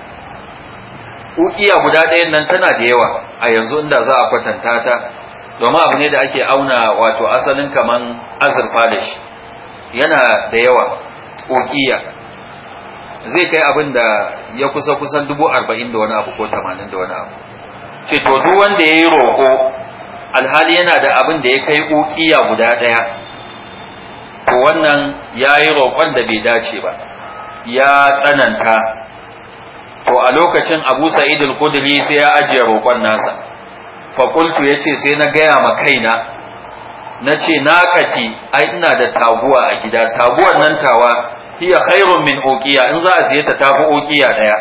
iya guda ɗayan nan tana da yawa a yanzu inda za a kwatanta ta domin abu ne da ake auna wato asalin kaman azurfa da shi yana da yawa ƙoƙiya zai kai abin da ya kusa kusan dubu arba'in da wani abu ko tamanin da wani abu ce to duk wanda ya yi roƙo alhali yana da abin da ya kai ƙoƙiya guda ɗaya to wannan ya yi roƙon da bai dace ba ya tsananta to a lokacin abu sa'id al-kudri sai ya ajiye roƙon nasa fa qultu yace sai na gaya ma kaina nace na kati ai ina da taguwa a gida taguwar nan tawa hiya khairun min uqiya in za a siye ta tafi uqiya daya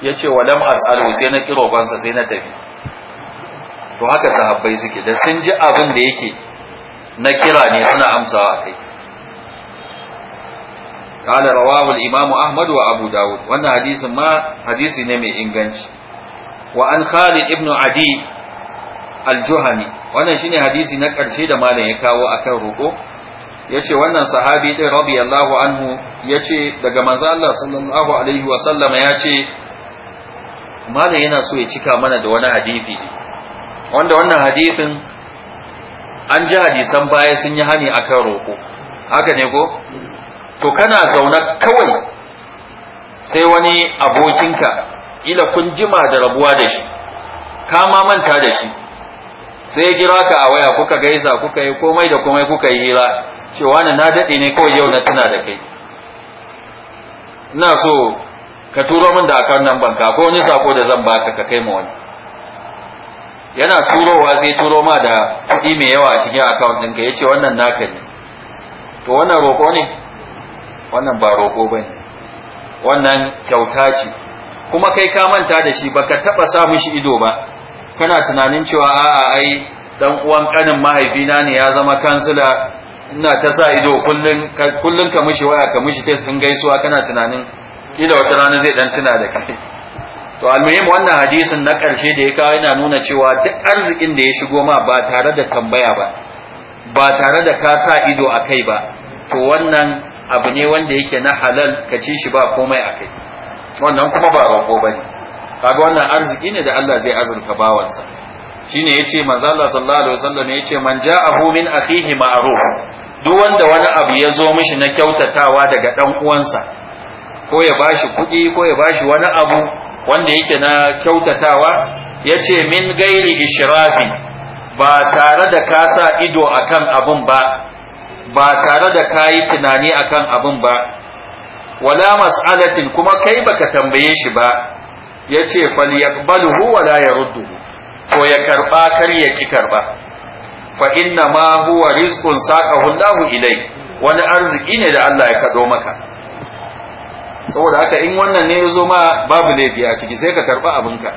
yace lam as'alu sai na kiro kansa sai na tafi to haka sahabbai suke da sun ji abin da yake na kira ne suna amsawa kai قال رواه الإمام أحمد وأبو داود وأن حديث ما حديث نمي إنغنج وأن خالد ابن عدي الجهني وأن شيني حديث نكر شيدا ما يكاو أكن ركو yace wannan sahabi din radiyallahu anhu yace daga manzo Allah sallallahu alaihi wa sallama yace malai yana so ya cika mana da wani hadisi wanda wannan hadisin an ja hadisan baya sun yi hani akan roko haka ne ko to kana zaune kawai sai wani abokinka ila kun jima da rabuwa da shi kama manta da shi sai gira ka a waya kuka gaisa kuka yi komai da komai kuka yi hira cewa na na daɗe ne kawai yau na tuna da kai ina so ka turo min da akan nan banka ko wani sako da zan baka ka kai ma wani yana turowa sai turo ma da kuɗi mai yawa a cikin akawun ɗinka ya ce wannan naka ne to wannan roƙo ne wannan ba roƙo ba ne wannan kyauta ce kuma kai ka manta da shi baka taɓa sa mishi ido ba kana tunanin cewa a'a ai dan uwan kanin mahaifina ne ya zama kansila ina ta sa ido kullun kullun ka mishi waya ka mishi test din gaisuwa kana tunanin kila wata rana zai dan tuna da kai to almuhim wannan hadisin na karshe da ya kawo yana nuna cewa duk arzikin da ya shigo ma ba tare da tambaya ba ba tare da ka sa ido a kai ba to wannan abu ne wanda yake na halal ka ci shi ba komai a kai wannan kuma ba ba ne. kaga wannan arziki ne da Allah zai azurta bawansa shine yace manzo Allah sallallahu alaihi wasallam yace man ja'ahu min akhihi ma'ruf duk wanda wani abu ya zo mishi na kyautatawa daga dan uwansa ko ya bashi kuɗi ko ya bashi wani abu wanda yake na kyautatawa yace min gairi ishrafi ba tare da ka sa ido akan abun ba ba tare da kayi tunani akan abin ba wala mas'alatin kuma kai baka tambaye shi ba yace falyaqbaluhu wala yarudduhu ko ya karba kar ya ki karba fa inna ma huwa rizqun saqahu Allahu ilai wani arziki ne da Allah ya kado maka saboda haka in wannan ne yazo ma babu laifi a ciki sai ka karba abinka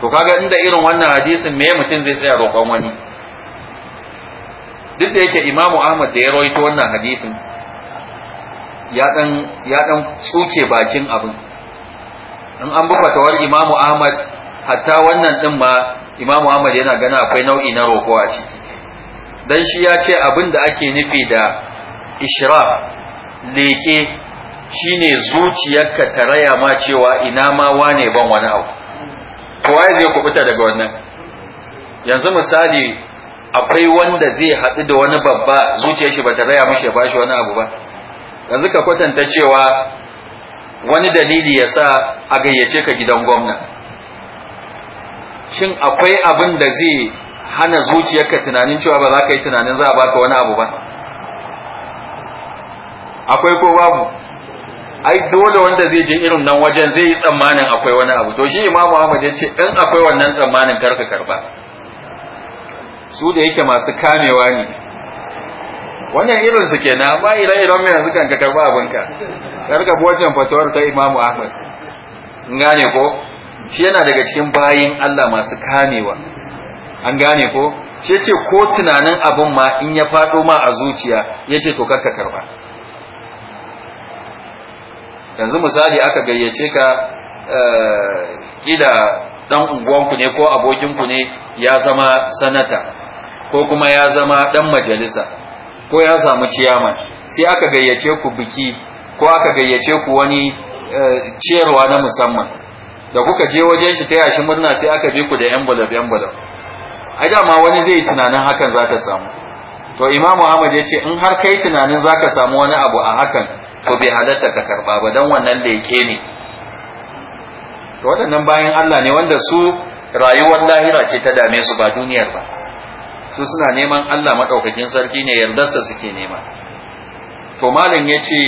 to kaga inda irin wannan hadisin me mutum zai tsaya roƙon wani duk da yake imamu ahmad da ya rawaito wannan hadisin ya dan ya dan tsuke bakin abin in an bi fatawar imamu ahmad hatta wannan din ma imamu ahmad yana gana akwai nau'i na roko a ciki dan shi ya ce abin da ake nufi da ishraf leke shine zuciyarka ta raya ma cewa ina ma wane ban wani abu kowa zai kubuta daga wannan yanzu misali akwai wanda zai haɗu da wani babba zuciya shi bata raya mishi ba shi wani abu ba yanzu ka kwatanta cewa wani dalili ya sa a gayyace ka gidan gwamna shin akwai abin da zai hana zuciyarka tunanin cewa ba za ka yi tunanin za a baka wani abu ba akwai ko babu ai dole wanda zai je irin nan wajen zai yi tsammanin akwai wani abu to shi imamu ahmad ya ce in akwai wannan tsammanin karka karba su da yake masu kamewa ne wannan irin su kenan amma ire-iren mai yanzu kan ka ba abinka karka bi wancan fatawar ta imamu ahmad gane ko shi yana daga cikin bayin allah masu kamewa an gane ko shi ce ko tunanin abin ma in ya faɗo ma a zuciya ya ce to karka karba yanzu misali aka gayyace ka ƙida eh, ɗan unguwanku ne ko abokinku ne ya zama sanata ko kuma ya zama dan majalisa ko ya samu ciyama sai aka gayyace ku biki ko aka gayyace ku wani eh, ciyarwa na musamman da kuka je wajen shi ta yashi murna sai aka bi ku da yan envelope ai dama wani zai yi tunanin hakan zaka samu to imam Muhammad ya ce in har kai tunanin zaka samu wani abu a hakan to bai halatta ka karba ba dan wannan leke ne to waɗannan bayan Allah ne wanda su rayuwar lahira ce ta dame su ba duniyar ba su suna neman Allah maɗaukakin sarki ne yardarsa suke nema to malam ya ce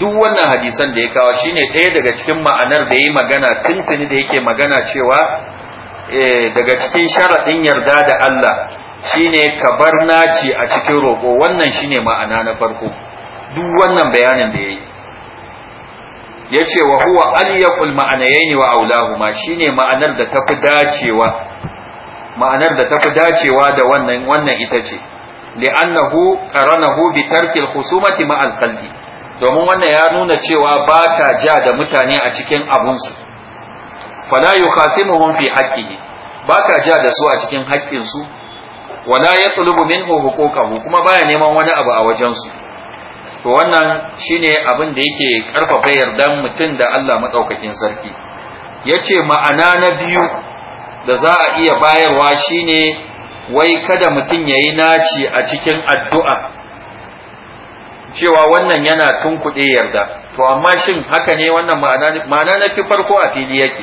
duk wannan hadisan da ya kawo shine ɗaya daga cikin ma'anar da ya magana tuntuni da yake magana cewa eh, daga cikin sharaɗin yarda da Allah shine ka bar naci a cikin roƙo wannan shine ma'ana na farko duk wannan bayanin da ya yi ya ce wa huwa aliyakul ma'anayaini wa aulahuma shine ma'anar da ta fi dacewa ma'anar da tafi dacewa da wannan wannan ita ce li'annahu qaranahu bi tarkil khusumati ma'al qalbi domin wannan ya nuna cewa ba ka ja da mutane a cikin abunsu la yukhasimuhum fi haqqihi ka ja da su a cikin haƙƙin su la yatlubu minhu huquqahu kuma baya neman wani abu a wajen su to wannan shine abin da yake karfafa yardan mutum da Allah madaukakin sarki yace ma'ana na biyu da za a iya bayarwa shine wai kada mutum ya yi naci a cikin addu'a cewa wannan yana tun tunkuɗe yarda to amma shin haka ne wannan ma'ana na fi farko a fili yake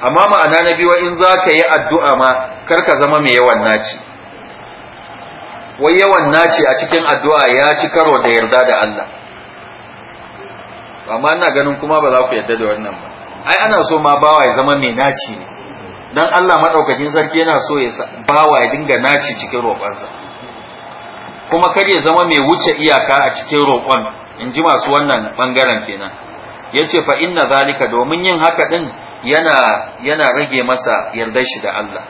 amma ma'ana na biyu in za ka yi addu'a ma kar ka zama mai yawan naci wai yawan naci a cikin addu'a ya ci karo da yarda da Allah amma ina ganin kuma ba za ku yarda da wannan ba ai ana so ma bawa ya zama mai naci ne dan Allah madaukakin sarki yana so ya bawa ya dinga naci cikin roƙonsa kuma kar ya zama mai wuce iyaka a cikin roƙon in ji masu wannan bangaren kenan yace fa inna zalika domin yin haka din yana yana rage masa yarda shi da Allah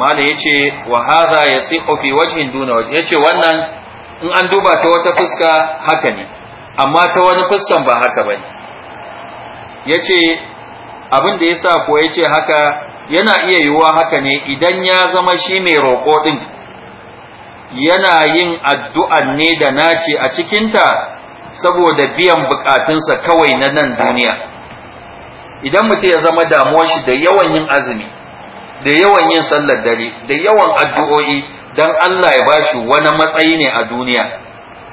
mala yace wa hadha yasihu fi wajhin duna Ya yace wannan in an duba ta wata fuska haka ne amma ta wani fuskan ba haka bane yace abin da yasa ko yace haka yana iya yiwuwa haka ne idan ya zama shi mai roƙo ɗin yana yin addu'an ne da nace a cikinta saboda biyan bukatunsa kawai na nan duniya idan mutum ya zama damuwa shi da yawan yin azumi da yawan yin sallar dare da yawan addu'o'i don Allah ya bashi wani matsayi ne a duniya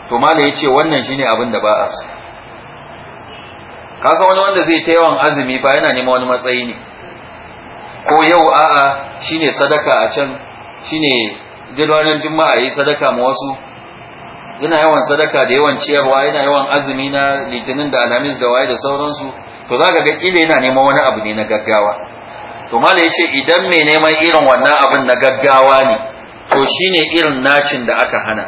to mala ya ce wannan shine abin da ba a su kasa wani wanda zai ta yawan azumi ba yana neman wani matsayi ne ko yau a'a shine sadaka a can shine ranar juma'a yi sadaka ma wasu yana yawan sadaka da yawan ciyarwa yana yawan azumi na litinin da alhamis da waye da sauransu to za ka ga ƙila yana neman wani abu ne na gaggawa to mala ya ce idan mai neman irin wannan abin na gaggawa ne to shine irin nacin da aka hana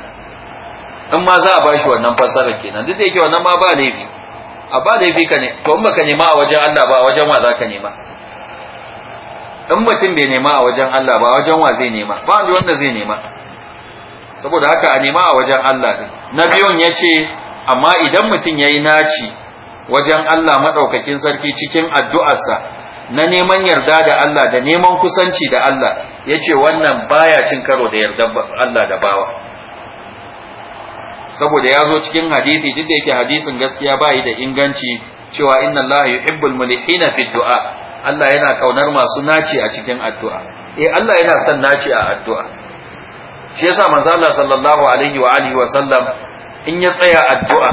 in ma za a bashi wannan fassara kenan duk da yake wannan ma ba laifi a ba laifi ka ne to in ka nema a wajen Allah ba a wajen wa za ka nema in mutum bai nema a wajen Allah ba wajen wa zai nema ba wanda wanda zai nema saboda haka a nema a wajen Allah din na biyun yace amma idan mutum yayi naci wajen Allah madaukakin sarki cikin addu'arsa na neman yarda da Allah da neman kusanci da Allah yace wannan baya cin karo da yardar Allah da bawa saboda ya zo cikin hadisi duk da yake hadisin gaskiya bayi da inganci cewa inna Allah yuhibbul mulihina fid du'a Allah yana kaunar masu naci a cikin addu'a eh Allah yana son naci a addu'a shi yasa manzo Allah sallallahu alaihi wa alihi wa sallam in ya tsaya addu'a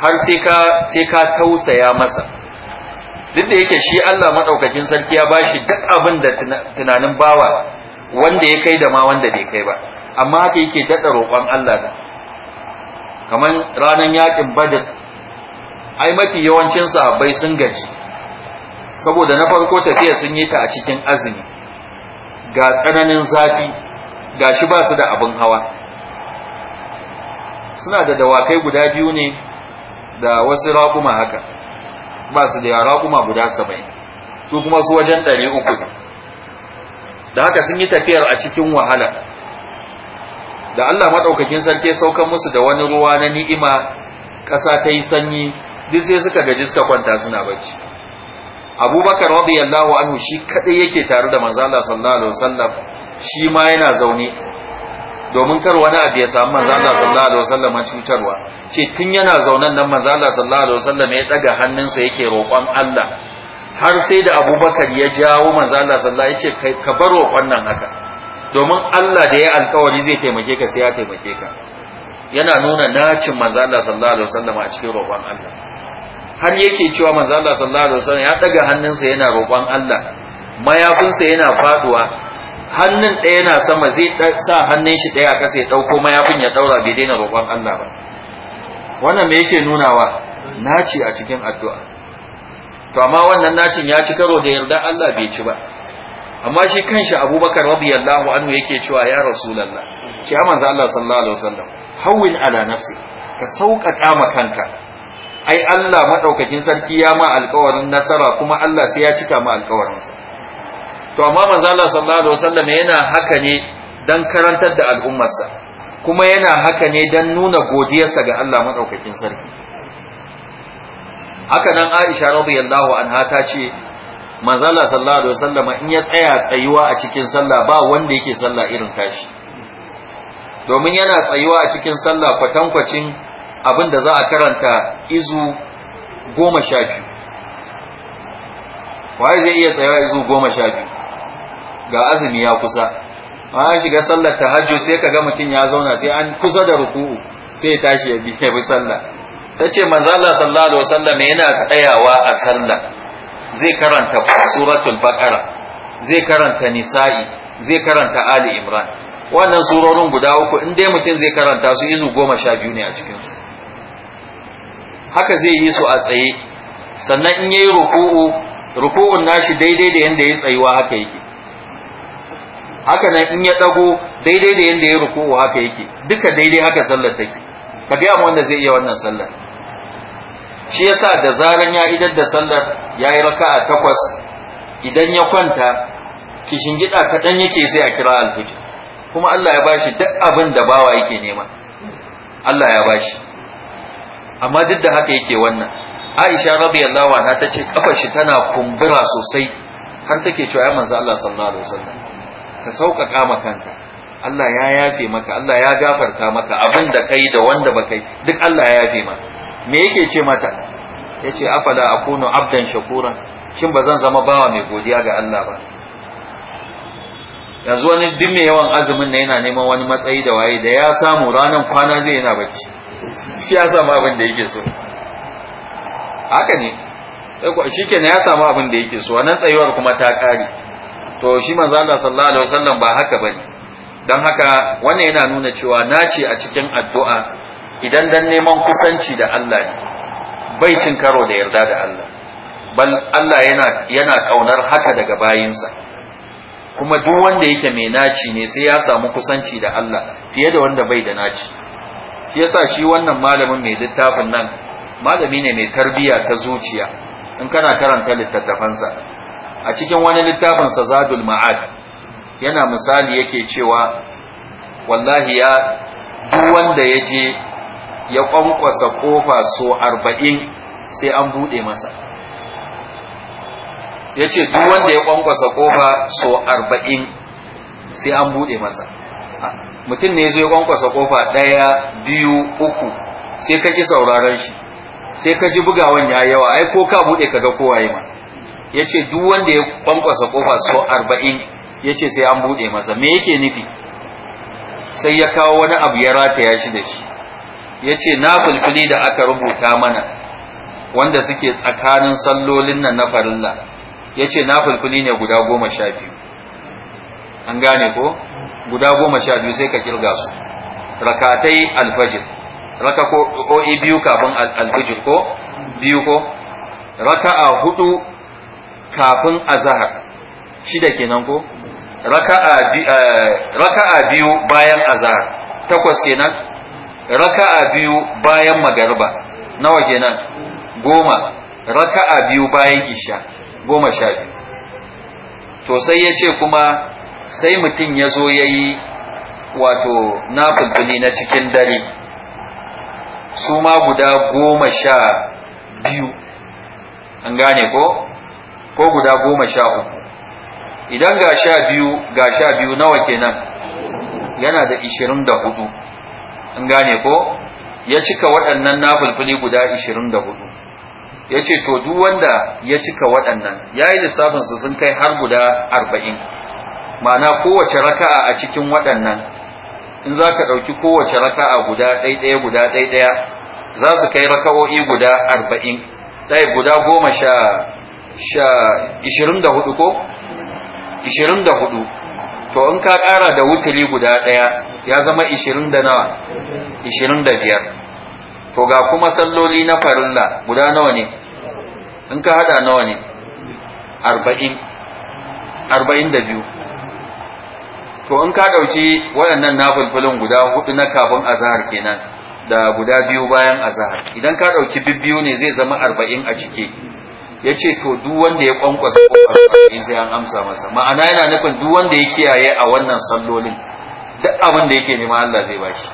har sai ka sai ka tausaya masa duk da yake shi Allah madaukakin sarki ya bashi duk abin da tunanin bawa wanda ya kai da ma wanda bai kai ba amma haka yake dada roƙon Allah da kamar ranar yakin Badr ai mafi yawancin sahabbai sun gaji saboda na farko tafiya sun yi ta a cikin azumi ga tsananin zafi ga shi ba su da abin hawa suna da dawakai guda biyu ne da wasu raƙuma haka ba su da raƙuma guda saba'in su kuma su wajen ɗari uku da haka sun yi tafiyar a cikin wahala da Allah maɗaukakin sarki saukan musu da wani ruwa na ni'ima ƙasa ta yi sanyi duk sai suka gaji suka kwanta suna bacci abubakar radiyallahu anhu shi kadai yake tare da manzo Allah sallallahu alaihi wasallam shi ma yana zaune domin kar wani abu ya samu manzo Allah sallallahu alaihi wasallam a cutarwa ce tun yana zaunan nan manzo Allah sallallahu alaihi wasallam ya daga hannunsa yake roƙon Allah har sai da abubakar ya jawo manzo Allah sallallahu alaihi wasallam ya ce ka bar roƙon nan haka domin Allah da ya alƙawari zai taimake ka sai ya taimake ka yana nuna nacin manzo Allah sallallahu alaihi wasallam a cikin roƙon Allah har yake cewa manzo Allah sallallahu alaihi wasallam ya daga hannunsa yana roƙon Allah mayafinsa yana faduwa hannun ɗaya yana sama zai sa hannun shi ɗaya a ƙasa ya ɗauko mayafin ya ɗaura bai daina roƙon Allah ba wannan me yake nunawa naci a cikin addu'a to amma wannan nacin ya ci karo da yarda Allah bai ci ba amma shi kanshi Abubakar radiyallahu anhu yake cewa ya Rasulullah ki manzo Allah sallallahu alaihi wasallam hawwin ala nafsi ka sauƙaƙa ma kanka ai Allah madaukakin sarki ya ma alƙawarin nasara kuma Allah sai ya cika ma alƙawarinsa to amma manzo Allah sallallahu alaihi wasallam yana haka ne dan karantar da al'ummarsa kuma yana haka ne dan nuna godiyarsa ga Allah madaukakin sarki haka nan Aisha radiyallahu anha ta ce manzo Allah sallallahu alaihi wasallam in ya tsaya tsayuwa a cikin sallah ba wanda yake sallah irin tashi domin yana tsayuwa a cikin sallah kwatankwacin abin da za a karanta izu goma sha biyu waye zai iya tsayawa izu goma sha biyu ga azumi ya kusa an shiga sallar ta hajji sai ka ga mutum ya zauna sai an kusa da ruku'u sai ya tashi ya bi ya bi sallah tace manzo Allah sallallahu alaihi wasallam yana tsayawa a sallar zai karanta suratul baqara zai karanta nisa'i zai karanta ali imran wannan surorin guda uku in dai mutum zai karanta su izu goma sha biyu ne a cikinsu haka zai yi su a tsaye sannan in yayi ruku'u ruku'un nashi daidai da yanda ya tsayuwa haka yake haka nan in ya dago daidai da yanda ya ruku'u haka yake duka daidai haka sallar take ka ga mu wanda zai iya wannan sallar shi yasa da zaran ya idar da sallar yayi raka'a takwas idan ya kwanta kishin kishingida kadan yake sai a kira alfijir kuma Allah ya bashi duk abin da bawa yake nema Allah ya bashi amma duk da haka yake wannan Aisha radiyallahu anha ce kafar shi tana kumbura sosai har take cewa ya manzo Allah sallallahu alaihi wasallam ka sauƙaƙa ma kanka Allah ya yafe maka Allah ya gafarta maka abin da kai da wanda ba kai duk Allah ya yafe ma me yake ce mata yace afala akunu abdan shakura shin ba zan zama bawa mai godiya ga Allah ba yanzu wani duk mai yawan azumin na yana neman wani matsayi da waye da ya samu ranan kwana zai yana bacci shi ya samu abin da yake so haka ne shi ke ya samu abin da yake so wannan tsayuwar kuma ta ƙari to shi manzo Allah sallallahu alaihi wasallam ba haka bane dan haka wannan yana nuna cewa nace a cikin addu'a idan dan neman kusanci da Allah ne bai cin karo da yarda da Allah bal Allah yana yana kaunar haka daga bayinsa kuma duk wanda yake mai naci ne sai ya samu kusanci da Allah fiye da wanda bai da naci shi yasa shi wannan malamin mai littafin nan malami ne mai tarbiya ta zuciya in kana karanta littattafansa a cikin wani littafinsa zadul ma'ad yana misali yake cewa wallahi ya duk wanda ya ya kwankwasa kofa so 40 sai an bude masa ya ce duk wanda ya kwankwasa kofa so arba'in sai an bude masa mutum ne zai kwankwasa kofa ɗaya biyu uku sai ka ƙi sauraron shi sai ka ji bugawan ya yawa ai ko ka buɗe ka ga yi ma ya ce duk wanda ya kwankwasa kofa sau arba'in ya ce sai an buɗe masa me yake nufi sai ya kawo wani abu ya rataya shi da shi ya ce na fulfili da aka rubuta mana wanda suke tsakanin sallolin nan na farilla ya ce na fulfili ne guda goma sha biyu an gane ko guda goma sha biyu sai ka kirga su rakatai alfajir raka ko biyu kafin alfajir ko biyu ko raka'a hudu kafin azhar shida kenan ko raka'a eh, biyu bayan azhar takwas kenan raka'a biyu bayan magariba nawa kenan goma raka'a biyu bayan isha goma sha biyu to sai ya ce kuma sai mutum ya zo ya yi wato nafulfuli na cikin dare su ma guda goma sha biyu an gane ko ko guda goma sha uku idan ga sha biyu ga sha biyu nawa kenan yana da ishirin da hudu an gane ko ya cika waɗannan nafulfuli guda ishirin da hudu ya ce to duk wanda ya cika waɗannan ya yi lissafinsu sun kai har guda arba'in ma'ana kowace raka'a a cikin waɗannan in za ka ɗauki kowace raka'a guda ɗaiɗaya guda ɗaiɗaya za su kai raka'o'i guda arba'in ɗaya guda goma sha ishirin da hudu ko ishirin da hudu to in ka ƙara da wuturi guda ɗaya ya zama ishirin da nawa ishirin da biyar to ga kuma salloli na farilla guda nawa ne in ka haɗa nawa ne arba'in arba'in da biyu to in ka ɗauki waɗannan nafulfulin guda hudu na kafin azahar kenan da guda biyu bayan azahar idan ka ɗauki bibbiyu ne zai zama arba'in a cike, ya ce to duk wanda ya kwankwasa ko arba'in sai an amsa masa ma'ana yana nufin duk wanda ya kiyaye a wannan sallolin duk abin da yake nema Allah zai bashi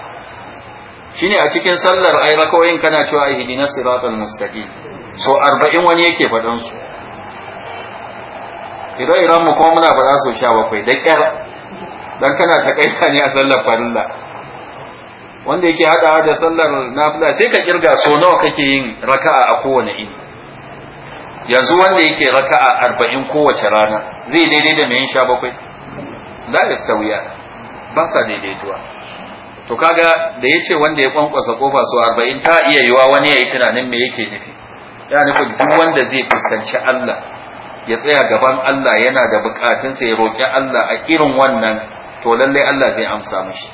shine a cikin sallar ai rakawoyin kana cewa ihdinas siratal mustaqim so arba'in wani yake faɗan su ire-iren mu kuma muna faɗa so sha bakwai da ƙyar dan kana ta takaita ne a sallar farilla wanda yake hadawa da sallar nafila sai ka kirga so nawa kake yin raka'a a kowane ini yanzu wanda yake raka'a arba'in kowace rana zai daidai da mai yin sha bakwai la ba sa daidaituwa to kaga da yace wanda ya kwankwasa kofa so arba'in ta iya yiwa wani ya yi tunanin me yake nufi ya nufi duk wanda zai fuskanci Allah ya tsaya gaban Allah yana da bukatunsa ya roƙi Allah a irin wannan to lalle Allah zai amsa mishi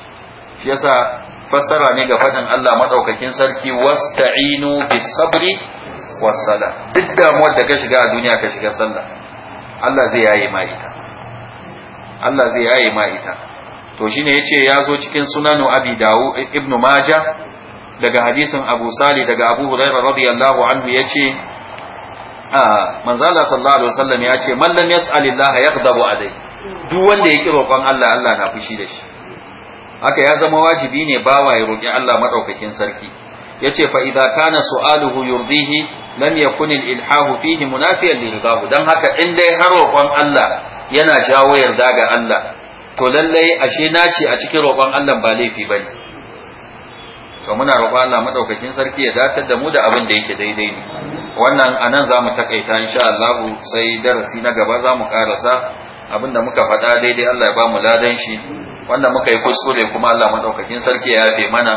shi yasa fassara ne ga faɗin Allah madaukakin sarki wasta'inu bis sabri was sala duk damuwar da ka shiga a duniya ka shiga sallah Allah zai yaye ma ita Allah zai yaye ma ita to shine yace ya zo cikin sunanu abi dawu ibnu Maja daga hadisin Abu Sali daga Abu Huraira radiyallahu anhu yace ah, manzo Allah sallallahu alaihi wasallam yace man lam yas'alillah yaghdabu alayhi duk wanda ya ƙi roƙon Allah Allah na fushi da shi haka ya zama wajibi ne bawa ya roƙi Allah maɗaukakin sarki yace fa idza kana su'aluhu yurdihi lam yakun al-ilhahu fihi munafiyan lirdahu dan haka in dai har roƙon Allah yana jawo yarda ga Allah to lallai ashe na ce a cikin roƙon Allah ba laifi bane to muna roƙon Allah madaukakin sarki ya datar da mu da abin da yake daidai ne wannan anan zamu takaita insha Allah sai darasi na gaba zamu karasa abinda muka faɗa daidai Allah ya ba mu ladan shi wanda muka yi kuskure kuma Allah madaukakin sarki ya yafe mana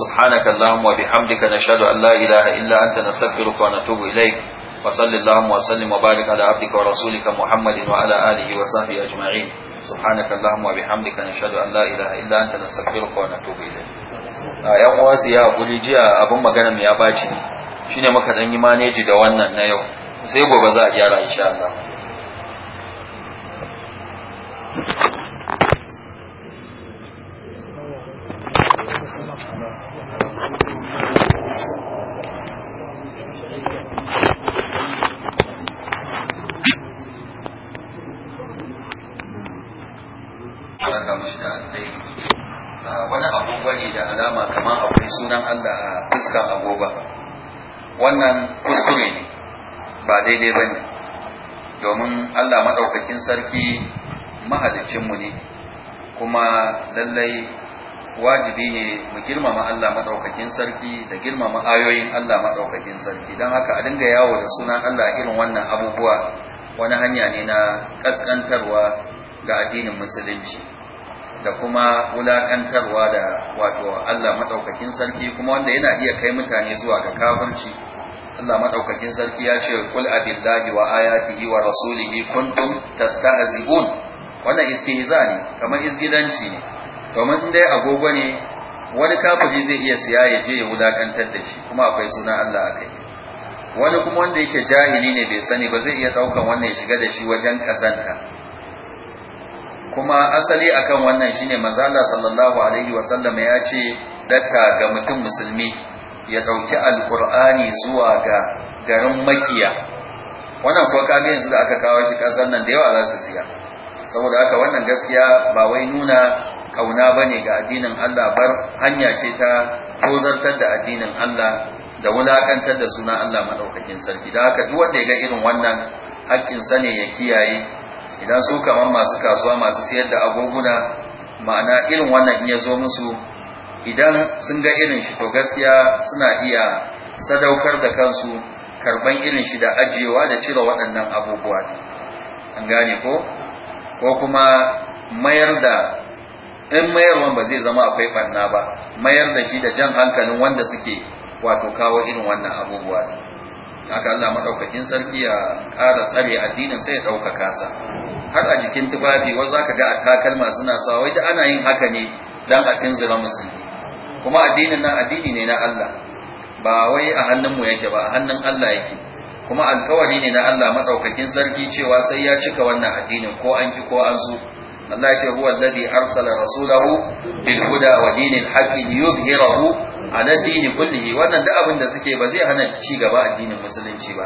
subhanaka allahumma wa bihamdika nashhadu an la ilaha illa anta nastaghfiruka wa natubu ilaik wa sallallahu wa sallim wa barik ala abdika wa rasulika muhammadin wa ala alihi wa sahbihi ajma'in subhanaka allahumma wa bihamdika nashhadu an la ilaha illa anta nastaghfiruka wa natubu ilaik yan uwa ya guri jiya abin magana mu ya baci shine muka dan yi maneji da wannan na yau sai gobe za a gyara insha Allah wani agogo ne da alama kamar akwai sunan Allah a fuskan agogo wannan kuskure ne ba daidai ba ne domin Allah maɗaukakin sarki mahalicinmu ne kuma lallai wajibi ne mu girmama Allah madaukakin sarki da girmama ayoyin Allah madaukakin sarki don haka a dinga yawo da sunan Allah irin wannan abubuwa wani hanya ne na kaskantarwa ga addinin musulunci da kuma wulakantarwa da wato Allah madaukakin sarki kuma wanda yana iya kai mutane zuwa ga kafirci Allah madaukakin sarki ya ce kul abillahi wa ayatihi wa rasulihi kuntum tastahzibun wannan istihza ne kamar izgilanci ne domin in dai agogo ne wani kafiri zai iya siya ya je ya wulakantar da shi kuma akwai suna Allah a kai wani kuma wanda yake jahili ne bai sani ba zai iya daukan wannan ya shiga da shi wajen kazanta kuma asali akan wannan shine manzala sallallahu alaihi wasallam ya ce daka ga mutum musulmi ya dauki alqur'ani zuwa ga garin makiya wannan ko kage yanzu da aka kawo shi kasar nan da yawa za su siya saboda haka wannan gaskiya ba wai nuna kauna bane ga addinin Allah bar hanya ce ta tozartar da addinin Allah da wulakantar da suna Allah madaukakin sarki da haka duk wanda ya ga irin wannan haƙƙin sane ya kiyaye idan su kaman masu kasuwa masu siyar da agoguna ma'ana irin wannan in ya zo musu idan sun ga irin shi to gaskiya suna iya sadaukar da kansu karban irin shi da ajiyewa da cire waɗannan abubuwa an gane ko ko kuma mayar da in mayarwan ba zai zama akwai ɓanna ba mayar da shi da jan hankalin wanda suke wato kawo irin wannan abubuwa ne haka Allah maɗaukakin sarki ya ƙara tsare addinin sai ya ɗaukaka sa har a jikin tufafi wasu zaka ga takalma suna sa wai da ana yin haka ne dan a tunzura musulmi kuma addinin nan addini ne na Allah ba wai a hannunmu yake ba a hannun Allah yake kuma alkawari ne na Allah madaukakin sarki cewa sai ya cika wannan addinin ko an ki ko an so Allah ya ce huwa alladhi arsala rasulahu bil huda wa dinil haqqi liyudhhirahu ala dini kullihi wannan da abin da suke ba zai hana ci gaba addinin musulunci ba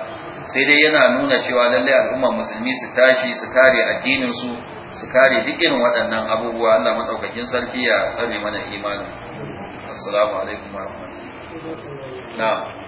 sai dai yana nuna cewa lallai al'umma musulmi su tashi su kare addinin su su kare duk irin waɗannan abubuwa Allah madaukakin sarki ya tsare mana imani assalamu alaikum wa na'am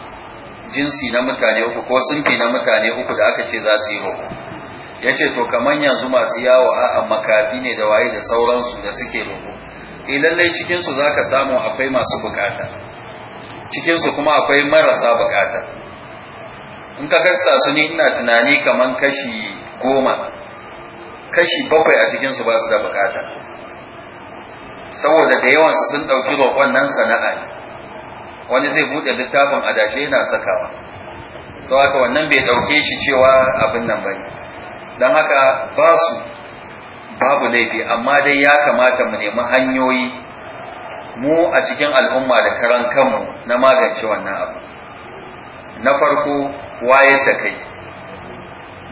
jinsi na mutane uku ko sunfi na mutane uku da aka ce za su yi roƙo ya ce to kamar yanzu masu yawo a makafi ne da waye da sauransu da suke roƙo e lallai cikinsu za ka samu akwai masu bukata cikinsu kuma akwai marasa bukata in ka gasta su ne ina tunani kamar kashi goma kashi bakwai a cikinsu ba su da bukata saboda da yawansu sun ɗauki roƙon nan sana'a wani zai buɗe littafin adashi yana sakawa to haka wannan bai ɗauke shi cewa abin nan bane don haka ba su babu laifi amma dai ya kamata mu nemi hanyoyi mu a cikin al'umma da karan kanmu na magance wannan abu na farko wayar da kai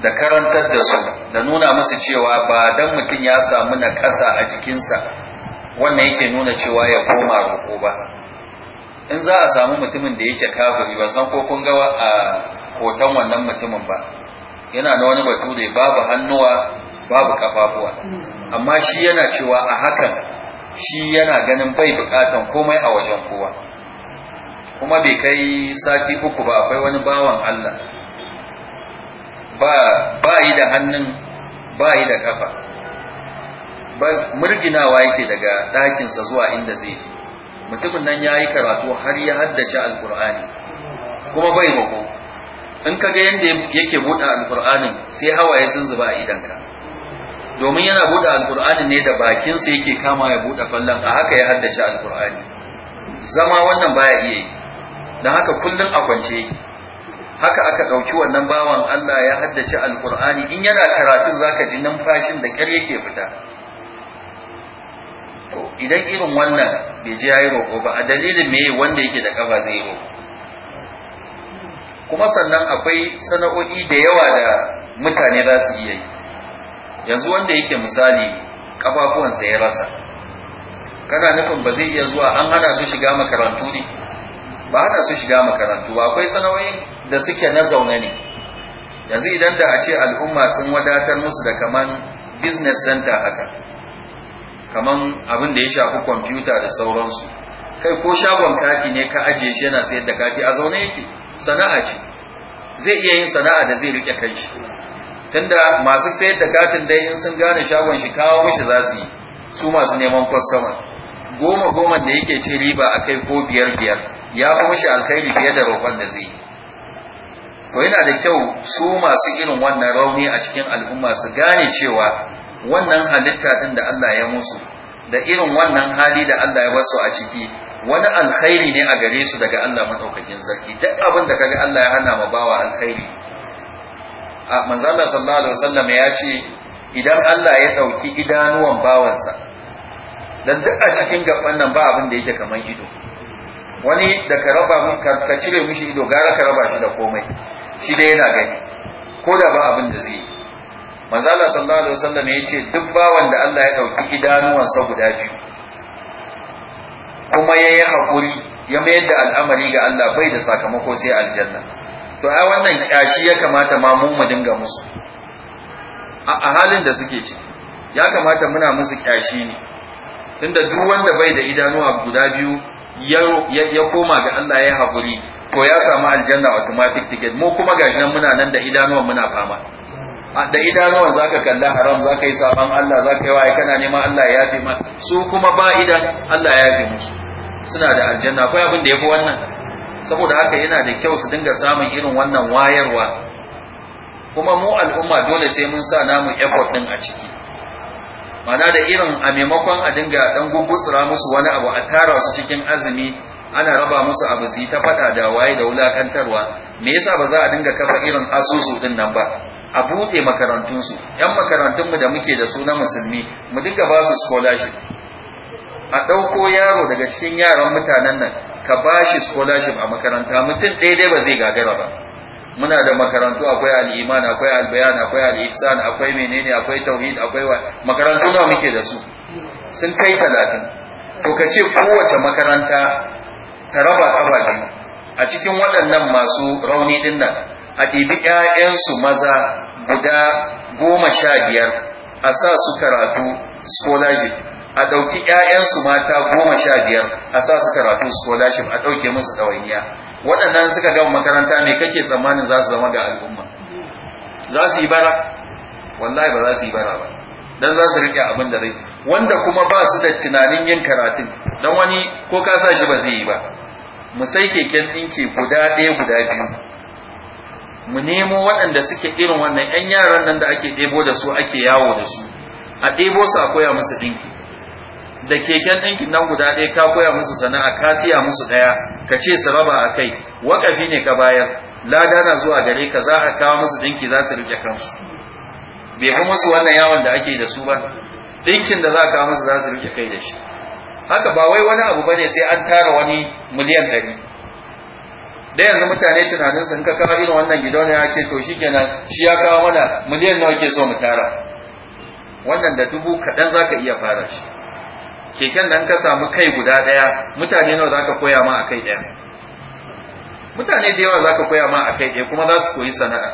da karantar da su da nuna musu cewa ba dan mutum ya samu na ƙasa a jikinsa wannan yake nuna cewa ya koma roƙo ba in za a samu mutumin da yake kafiri ba san ko kun ga a hoton wannan mutumin ba yana na wani bature babu hannuwa babu kafafuwa amma shi yana cewa a hakan shi yana ganin bai bukatan komai a wajen kowa kuma bai kai sati uku ba akwai wani bawan Allah ba ba yi da hannun ba yi da kafa murginawa yake daga ɗakinsa zuwa inda zai je mutumin nan ya yi karatu har ya haddace alkur'ani kuma bai mako in ka ga yadda yake buɗe alkur'anin sai hawaye sun zuba a idanka domin yana buɗe alkur'anin ne da bakinsa yake kama ya buɗe fallon a haka ya haddace alkur'ani zama wannan baya iya yi don haka kullum a kwance yake haka aka ɗauki wannan bawan Allah ya haddace alkur'ani in yana karatun zaka ji numfashin da ƙyar yake fita to idan irin wannan bai ji yayi roƙo ba a dalilin me wanda yake da kafa zai roƙo kuma sannan akwai sana'o'i da yawa da mutane za su iya yi yanzu wanda yake misali kafafuwansa ya rasa kana nufin ba zai iya zuwa an hana su shiga makarantu ne ba hana su shiga makarantu ba akwai sana'o'i da suke na zaune ne yanzu idan da a ce al'umma sun wadatar musu da kaman business center haka kaman abin da ya shafi kwamfuta da sauransu kai ko shagon kati ne ka ajiye shi yana sayar da kati a zaune yake sana'a ce zai iya yin sana'a da zai rike kai shi tunda masu sayar da katin dai in sun gane shagon shi kawo mishi za su yi su masu neman kwastama goma goma da yake ce riba a kai ko biyar biyar ya fi mishi alkhairi fiye da roƙon da zai to yana da kyau su masu irin wannan rauni a cikin al'umma su gane cewa wannan halitta din da Allah ya musu da irin wannan hali da Allah ya basu a ciki wani alkhairi ne a gare su daga Allah madaukakin sarki duk abin da kaga Allah ya hana ma bawa alkhairi a manzo Allah sallallahu alaihi wasallam ya ce idan Allah ya dauki idanuwan bawansa dan duk a cikin gaban nan ba abin da yake kaman ido wani da ka raba ka cire mishi ido gara ka raba shi da komai shi dai yana gani ko da ba abin da zai yi manzala sallallahu alaihi wasallam ya ce duk bawan da Allah ya dauki idanuwansa guda biyu kuma ya yi haƙuri ya mayar da al'amari ga Allah bai da sakamako sai aljanna to ai wannan kyashi ya kamata ma mu mu dinga musu a halin da suke ciki ya kamata muna musu kyashi ne tunda duk wanda bai da idanuwa guda biyu ya koma ga Allah ya hakuri, to ya samu aljanna automatic ticket mu kuma gashi nan muna nan da idanuwa muna fama da idanuwan zaka kalla haram zaka yi sabon Allah zaka yi waye kana neman Allah ya yafe ma su kuma ba idan Allah ya yafe musu suna da aljanna akwai abin da yafi wannan saboda haka yana da kyau su dinga samun irin wannan wayarwa kuma mu al'umma dole sai mun sa namu effort din a ciki mana da irin a maimakon a dinga dan gugutsura musu wani abu a tara su cikin azumi ana raba musu abu zai ta fada da waye da wulakantarwa me yasa ba za a dinga kafa irin asusu din nan ba a buɗe makarantunsu yan makarantunmu da muke da su na musulmi mu dinga ba su scholarship a ɗauko yaro daga cikin yaran mutanen nan ka ba shi scholarship a makaranta mutum daidai ba zai gagara ba muna da makarantu akwai al'iman akwai albayan akwai al'ihsan akwai menene akwai tauhid akwai makarantu nawa muke da su sun kai talatin to ka ce kowace makaranta ta raba ƙafa biyu a cikin waɗannan masu rauni ɗin a ɗibi ‘ya'yansu maza guda goma sha biyar a sa su karatu scholarship a ɗauki ‘ya'yansu mata goma sha biyar a sa su karatu scholarship a ɗauke musu ɗawainiya waɗannan suka gama makaranta me kake tsammanin za su zama ga al'umma za su yi bara wallahi ba za su yi bara ba dan za su riƙe abin da rai. wanda kuma ba su da tunanin yin karatun dan wani ko ka sa shi ba zai yi ba mu sai keken ɗinki guda ɗaya guda biyu mu nemo waɗanda suke irin wannan 'yan yaran nan da ake ɗebo da su ake yawo da su a ɗebo su a koya musu ɗinki da keken ɗinkin nan guda ɗaya ka koya musu sana'a ka siya musu ɗaya ka ce su raba a kai waƙafi ne ka bayar lada na zuwa gare ka za a kawo musu ɗinki za su riƙe kansu bai fi musu wannan yawon da ake da su ba ɗinkin da za a kawo musu za su riƙe kai da shi haka ba wai wani abu bane sai an tara wani miliyan ɗari da yanzu mutane tunanin sun ka kawo irin wannan gidauniya ya ce to shikenan shi ya kawo mana miliyan nawa ke so mu tara wannan da dubu kaɗan za ka iya fara shi keken nan ka samu kai guda ɗaya mutane nawa za ka koya ma a kai ɗaya mutane da yawa za ka koya ma a kai ɗaya kuma za su koyi sana'a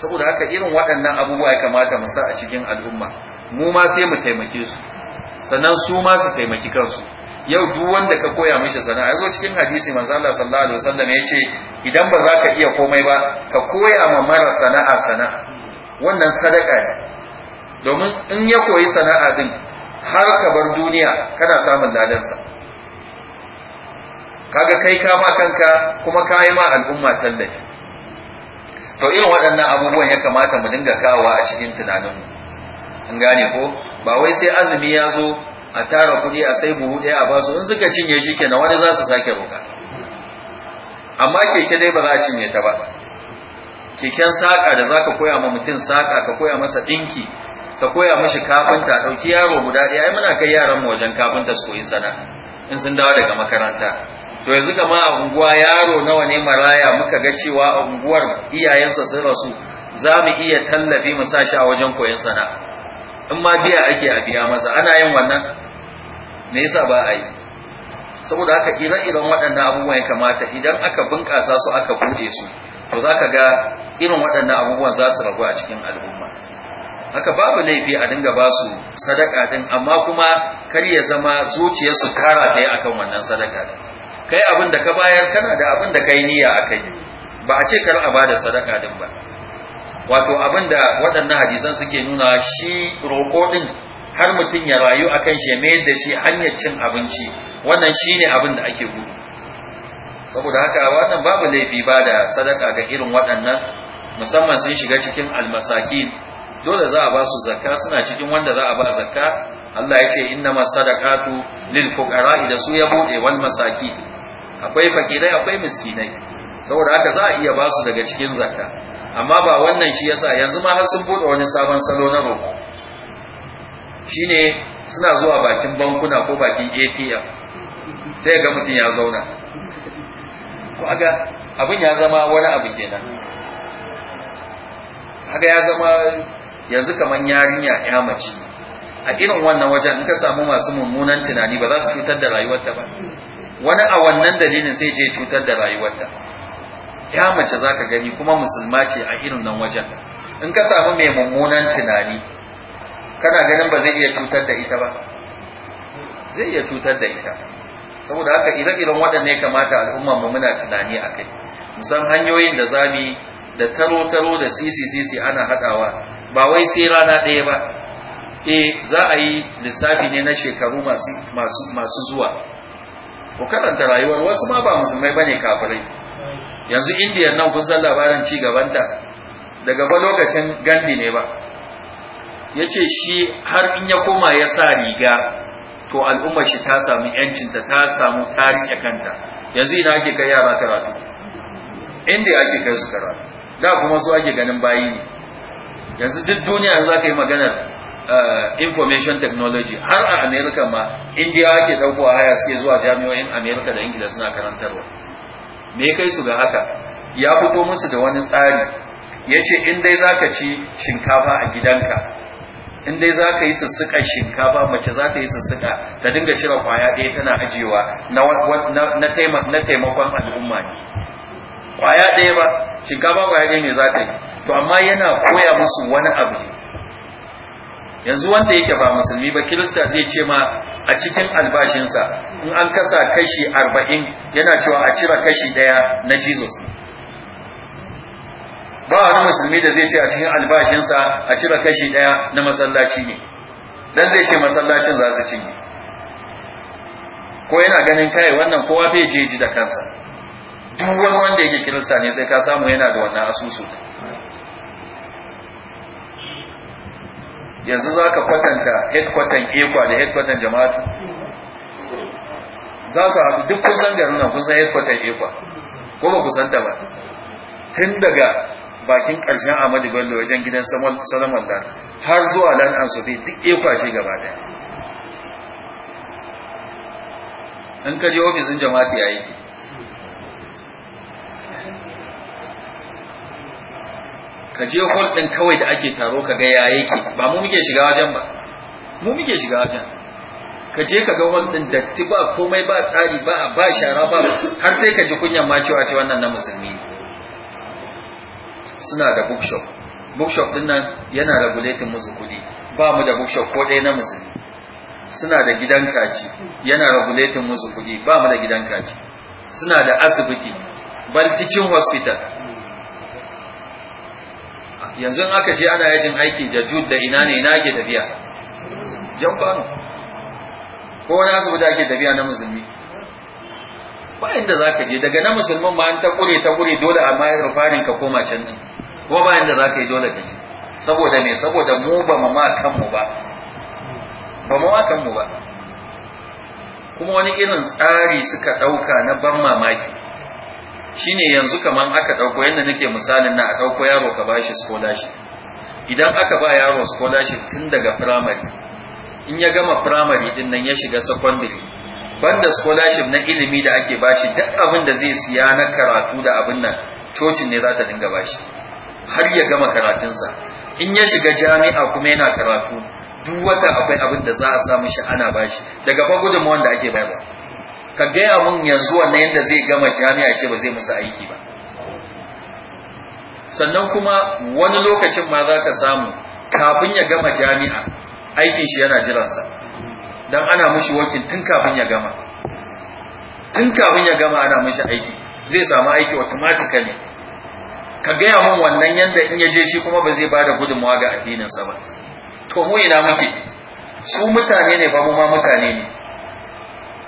saboda haka irin waɗannan abubuwa ya kamata mu sa a cikin al'umma mu ma sai mu taimake su sannan su ma su taimaki kansu yau duk wanda ka koya mishi sana'a yazo cikin hadisi manzo Allah sallallahu alaihi wasallam yace idan ba za ka iya komai ba ka koya ma mara sana'a sana'a wannan sadaka ne domin in ya koyi sana'a din har ka bar duniya kana samun sa kaga kai ka ma kanka kuma kayi ma al'umma tallafi to irin waɗannan abubuwan ya kamata mu dinga kawowa a cikin tunaninmu in gane ko ba wai sai azumi ya zo a tara kuɗi a sai buhu ɗaya a basu in suka cinye shi kenan wani za su sake roƙa amma keke dai ba za a cinye ta ba keken saƙa da za ka koya ma mutum saƙa ka koya masa ɗinki ka koya mashi kafinta ɗauki yaro guda ɗaya ai muna kai yaran mu wajen kafinta su koyi sana in sun dawo daga makaranta to yanzu ma a unguwa yaro nawa ne maraya muka ga cewa a unguwar iyayensa sun rasu za mu iya tallafi mu sa shi a wajen koyon sana'a in ma biya ake a biya masa ana yin wannan me yasa ba a yi saboda haka ire-iren waɗannan abubuwan ya kamata idan aka bunƙasa su aka buɗe su to za ka ga irin waɗannan abubuwan za su ragu a cikin al'umma haka babu laifi a dinga ba su sadaka ɗin, amma kuma kar ya zama zuciyarsu kara ɗaya yi akan wannan sadaka ɗin. kai abin da ka bayar kana da abin da kai niyya a kai ba a ce kar a ba da sadaka din ba wato abin da waɗannan hadisan suke nuna shi roƙo din har mutum ya rayu a kan ya da shi hanyar cin abinci wannan shine abin da ake gudu saboda haka wannan babu laifi ba da sadaka ga irin waɗannan musamman sun shiga cikin almasaki. dole za a ba su zakka suna cikin wanda za a ba zakka Allah ya ce innama sadaqatu lil fuqara idan su ya bude wal masaki akwai fakirai akwai miskinai saboda haka za a iya ba su daga cikin zakka amma ba wannan shi yasa yanzu ma har sun bude wani sabon salo na roƙo shine suna zuwa bakin bankuna ko bakin atm sai ga mutum ya zauna ko aga abin ya zama wani abu kenan haka ya zama yanzu kaman yarinya ya mace a irin wannan wajen in ka samu masu mummunan tunani ba za su cutar da rayuwarta ba wani a wannan dalilin sai je cutar da rayuwarta ya mace za ka gani kuma musulma ce a irin nan wajen in ka samu mai mummunan tunani kana ganin ba zai iya cutar da ita ba zai iya cutar da ita saboda haka ire-iren waɗanne ya kamata al'ummar mu muna tunani a kai musan hanyoyin da zami da taro-taro da sisi ana haɗawa ba wai sai rana ɗaya ba e za a yi lissafi ne na shekaru masu zuwa ku karanta rayuwar wasu ma ba musulmai ba ne kafirai yanzu indiya nan kun san labarin ci gabanta daga ba lokacin gandi ne ba ya ce shi har in ya koma ya sa riga to al'umma shi ta samu yancinta ta samu tarike kanta yanzu ina ake kai yara karatu inda ake kai su karatu da kuma su ake ganin bayi ne yanzu duk duniya za ka yi maganar eh, information technology har a america ma indiya ake ɗauko a haya suke zuwa jami'o'in america da ingila suna karantarwa me kai su ga haka ya fito musu da wani tsari ya ce in dai za ka ci shinkafa a gidanka in dai za ka yi sussuka shinkafa mace za ta yi sussuka ta dinga cire kwaya ɗaya tana ajiyewa na taimakon al'umma ne kwaya ɗaya ba shinkafa kwaya ɗaya ne za ta yi to amma yana koya musu wani abu yanzu wanda yake ba musulmi ba kirista zai ce ma a cikin albashinsa in an kasa kashi arba'in yana cewa a cire kashi ɗaya na jesus ba wani musulmi da zai ce a cikin albashinsa a cire kashi ɗaya na masallaci ne dan zai ce masallacin za su cinye ko yana ganin kai wannan kowa bai je ji da kansa duk wani wanda yake kirista ne sai ka samu yana da wannan asusu yanzu za ka kwatanta headquarter ekwa da headquarter jama'atu za su haɗu duk kusan garin nan kusan headquarter ekwa ko ba ku ba tun daga bakin ƙarshen Ahmadu Bello wajen gidan Salaman da har zuwa an Ansofi duk ya kwace gaba da in ka je ofisin jama'ati ya yake ka je hall din kawai da ake taro ka ga ya yake ba mu muke shiga wajen ba mu muke shiga wajen ka je ka ga hall din datti ba komai ba tsari ba ba shara ba har sai ka ji kunyan ma cewa ce wannan na musulmi ne suna da bookshop bookshop din nan yana regulating musu kuɗi ba mu da bookshop ko ɗaya na musulmi suna da gidan kaji yana regulating musu kuɗi ba mu da gidan kaji suna da asibiti balticin hospital yanzu aka je ana yajin aiki da jud da ina ne ina ke tafiya jan kwano ko wani asibiti ake tafiya na musulmi ba inda za ka je daga na musulman ma an ta kure ta kure dole amma ya rufarin ka koma can ne ko ba yanda za ka yi dole ka ci saboda me saboda mu ba mu ma kanmu ba ba mu ma kanmu ba kuma wani irin tsari suka ɗauka na ban mamaki shine yanzu kamar aka ɗauko yadda nake misalin na a ɗauko yaro ka bashi scholarship idan aka ba yaro scholarship tun daga primary in ya gama primary din nan ya shiga secondary banda scholarship na ilimi da ake bashi duk abin da zai siya na karatu da abin nan cocin ne za ta dinga bashi har ya gama karatunsa in ya shiga jami'a kuma yana karatu duk wata akwai abin da za a samu shi ana bashi daga fa gudunmawar wanda ake bayarwa ka gaya mun yanzu wannan yadda zai gama jami'a ce ba zai musu aiki ba sannan kuma wani lokacin ma za ka samu kafin ya gama jami'a aikin shi yana jiransa don ana mushi wakin tun kafin ya gama tun kafin ya gama ana mushi aiki zai samu aiki automatically ka gaya mun wannan yanda in ya je shi kuma ba zai bada gudunmawa ga addininsa ba to mu ina muke su mutane ne ba mu ma mutane ne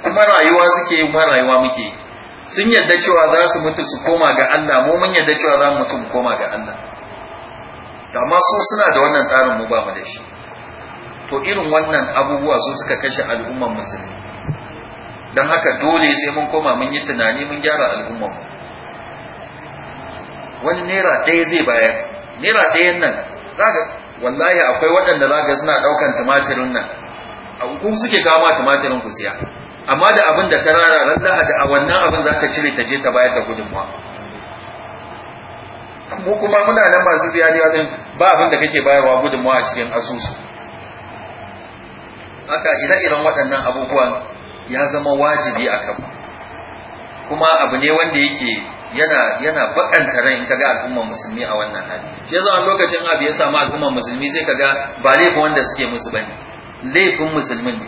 kuma rayuwa suke yi kuma rayuwa muke sun yadda cewa za su mutu su koma ga Allah mu mun yadda cewa za mu mutu mu koma ga Allah amma su suna da wannan tsarin mu ba mu da shi to irin wannan abubuwa su suka kashe al'umman musulmi don haka dole sai mun koma mun yi tunani mun gyara al'umman mu wani naira ɗaya zai bayar naira ɗayan nan zaka wallahi akwai waɗanda zaka suna ɗaukan tumatirin nan hukum suke kawo tumatirin ku siya amma da abin da ta rara ran lahadi a wannan abin za cire ta je ta bayar da gudunmuwa mu kuma muna nan masu ziyariya wajen ba abin da kake bayarwa gudunmuwa a cikin asusu haka ire-iren waɗannan abubuwan ya zama wajibi a kanmu kuma abu ne wanda yake yana yana bakanta ran in kaga al'ummar musulmi a wannan hali shi yasa a lokacin abu ya samu al'ummar musulmi sai kaga ba laifin wanda suke musu bane laifin musulmin ne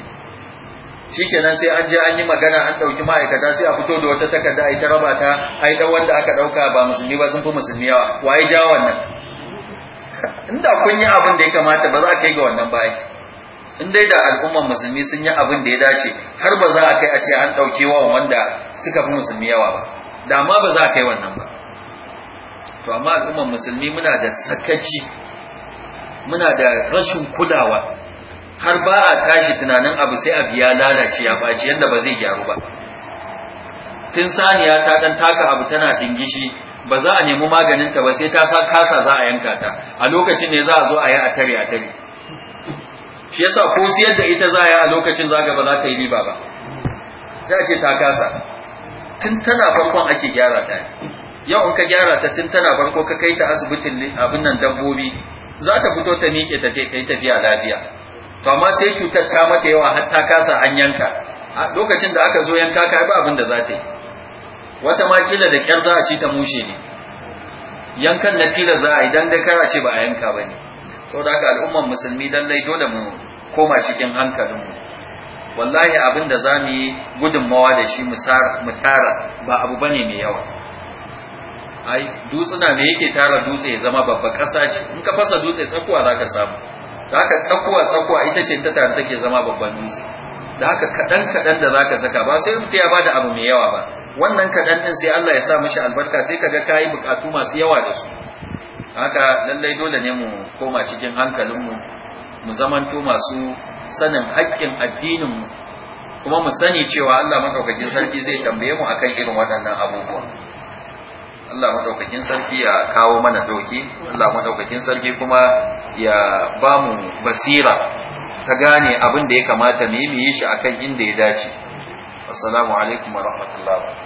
shikenan sai an je an yi magana an dauki ma'aikata sai a fito da wata takarda ai ta raba ta ai dan wanda aka dauka ba musulmi ba sun fi musulmi yawa waye ja wannan inda kun yi abin da ya kamata ba za a kai ga wannan bai in dai da al'ummar musulmi sun yi abin da ya dace har ba za a kai a ce an dauki wa wanda suka fi musulmi yawa ba da ma ba za ka yi wannan ba to amma al'ummar musulmi muna da sakaci muna da rashin kulawa har ba a tashi tunanin abu sai abu ya lalace ya baci yadda ba zai gyaru ba tun saniya ta dan taka abu tana dingishi ba za a nemi maganinta ba sai ta sa kasa za a yanka ta a lokacin ne za a zo a yi a tare a tare shi yasa ko siyar da ita za a yi a lokacin zaga ba za ta yi riba ba za a ce ta kasa tun tana farkon ake gyara ta yau in ka gyara ta tun tana farko ka kai ta asibitin abin nan dabbobi za ta fito ta miƙe ta je ta yi tafiya lafiya to amma sai cutar ta mata yawa har ta kasa an yanka lokacin da aka zo yanka ka ba abin da za ta yi wata ma kila da kyar za a ci ta mushe ne yankan na kila za a yi dan dai kara ce ba a yanka ba ne saboda haka al'ummar musulmi lallai dole mu koma cikin hankalinmu wallahi abin da za mu yi gudunmawa da shi mu tara ba abu ba ne mai yawa ai dutsuna me yake tara dutse ya zama babba ƙasa ce in ka fasa dutse tsakuwa za ka samu da haka tsakuwa tsakuwa ita ce ta tare take zama babban dutse da haka kaɗan kaɗan da za ka saka ba sai mutu ya ba da abu mai yawa ba wannan kaɗan ɗin sai Allah ya sa mishi albarka sai ka ga ka yi buƙatu masu yawa da su haka lallai dole ne mu koma cikin hankalinmu mu zamanto masu sanin hakkin addinin mu kuma mu sani cewa Allah madaukakin sarki zai tambaye mu akan irin waɗannan abubuwa Allah madaukakin sarki ya kawo mana doki Allah madaukakin sarki kuma ya ba mu basira ta gane abin da ya kamata mu yi mu yi shi akan inda ya dace assalamu alaikum wa rahmatullahi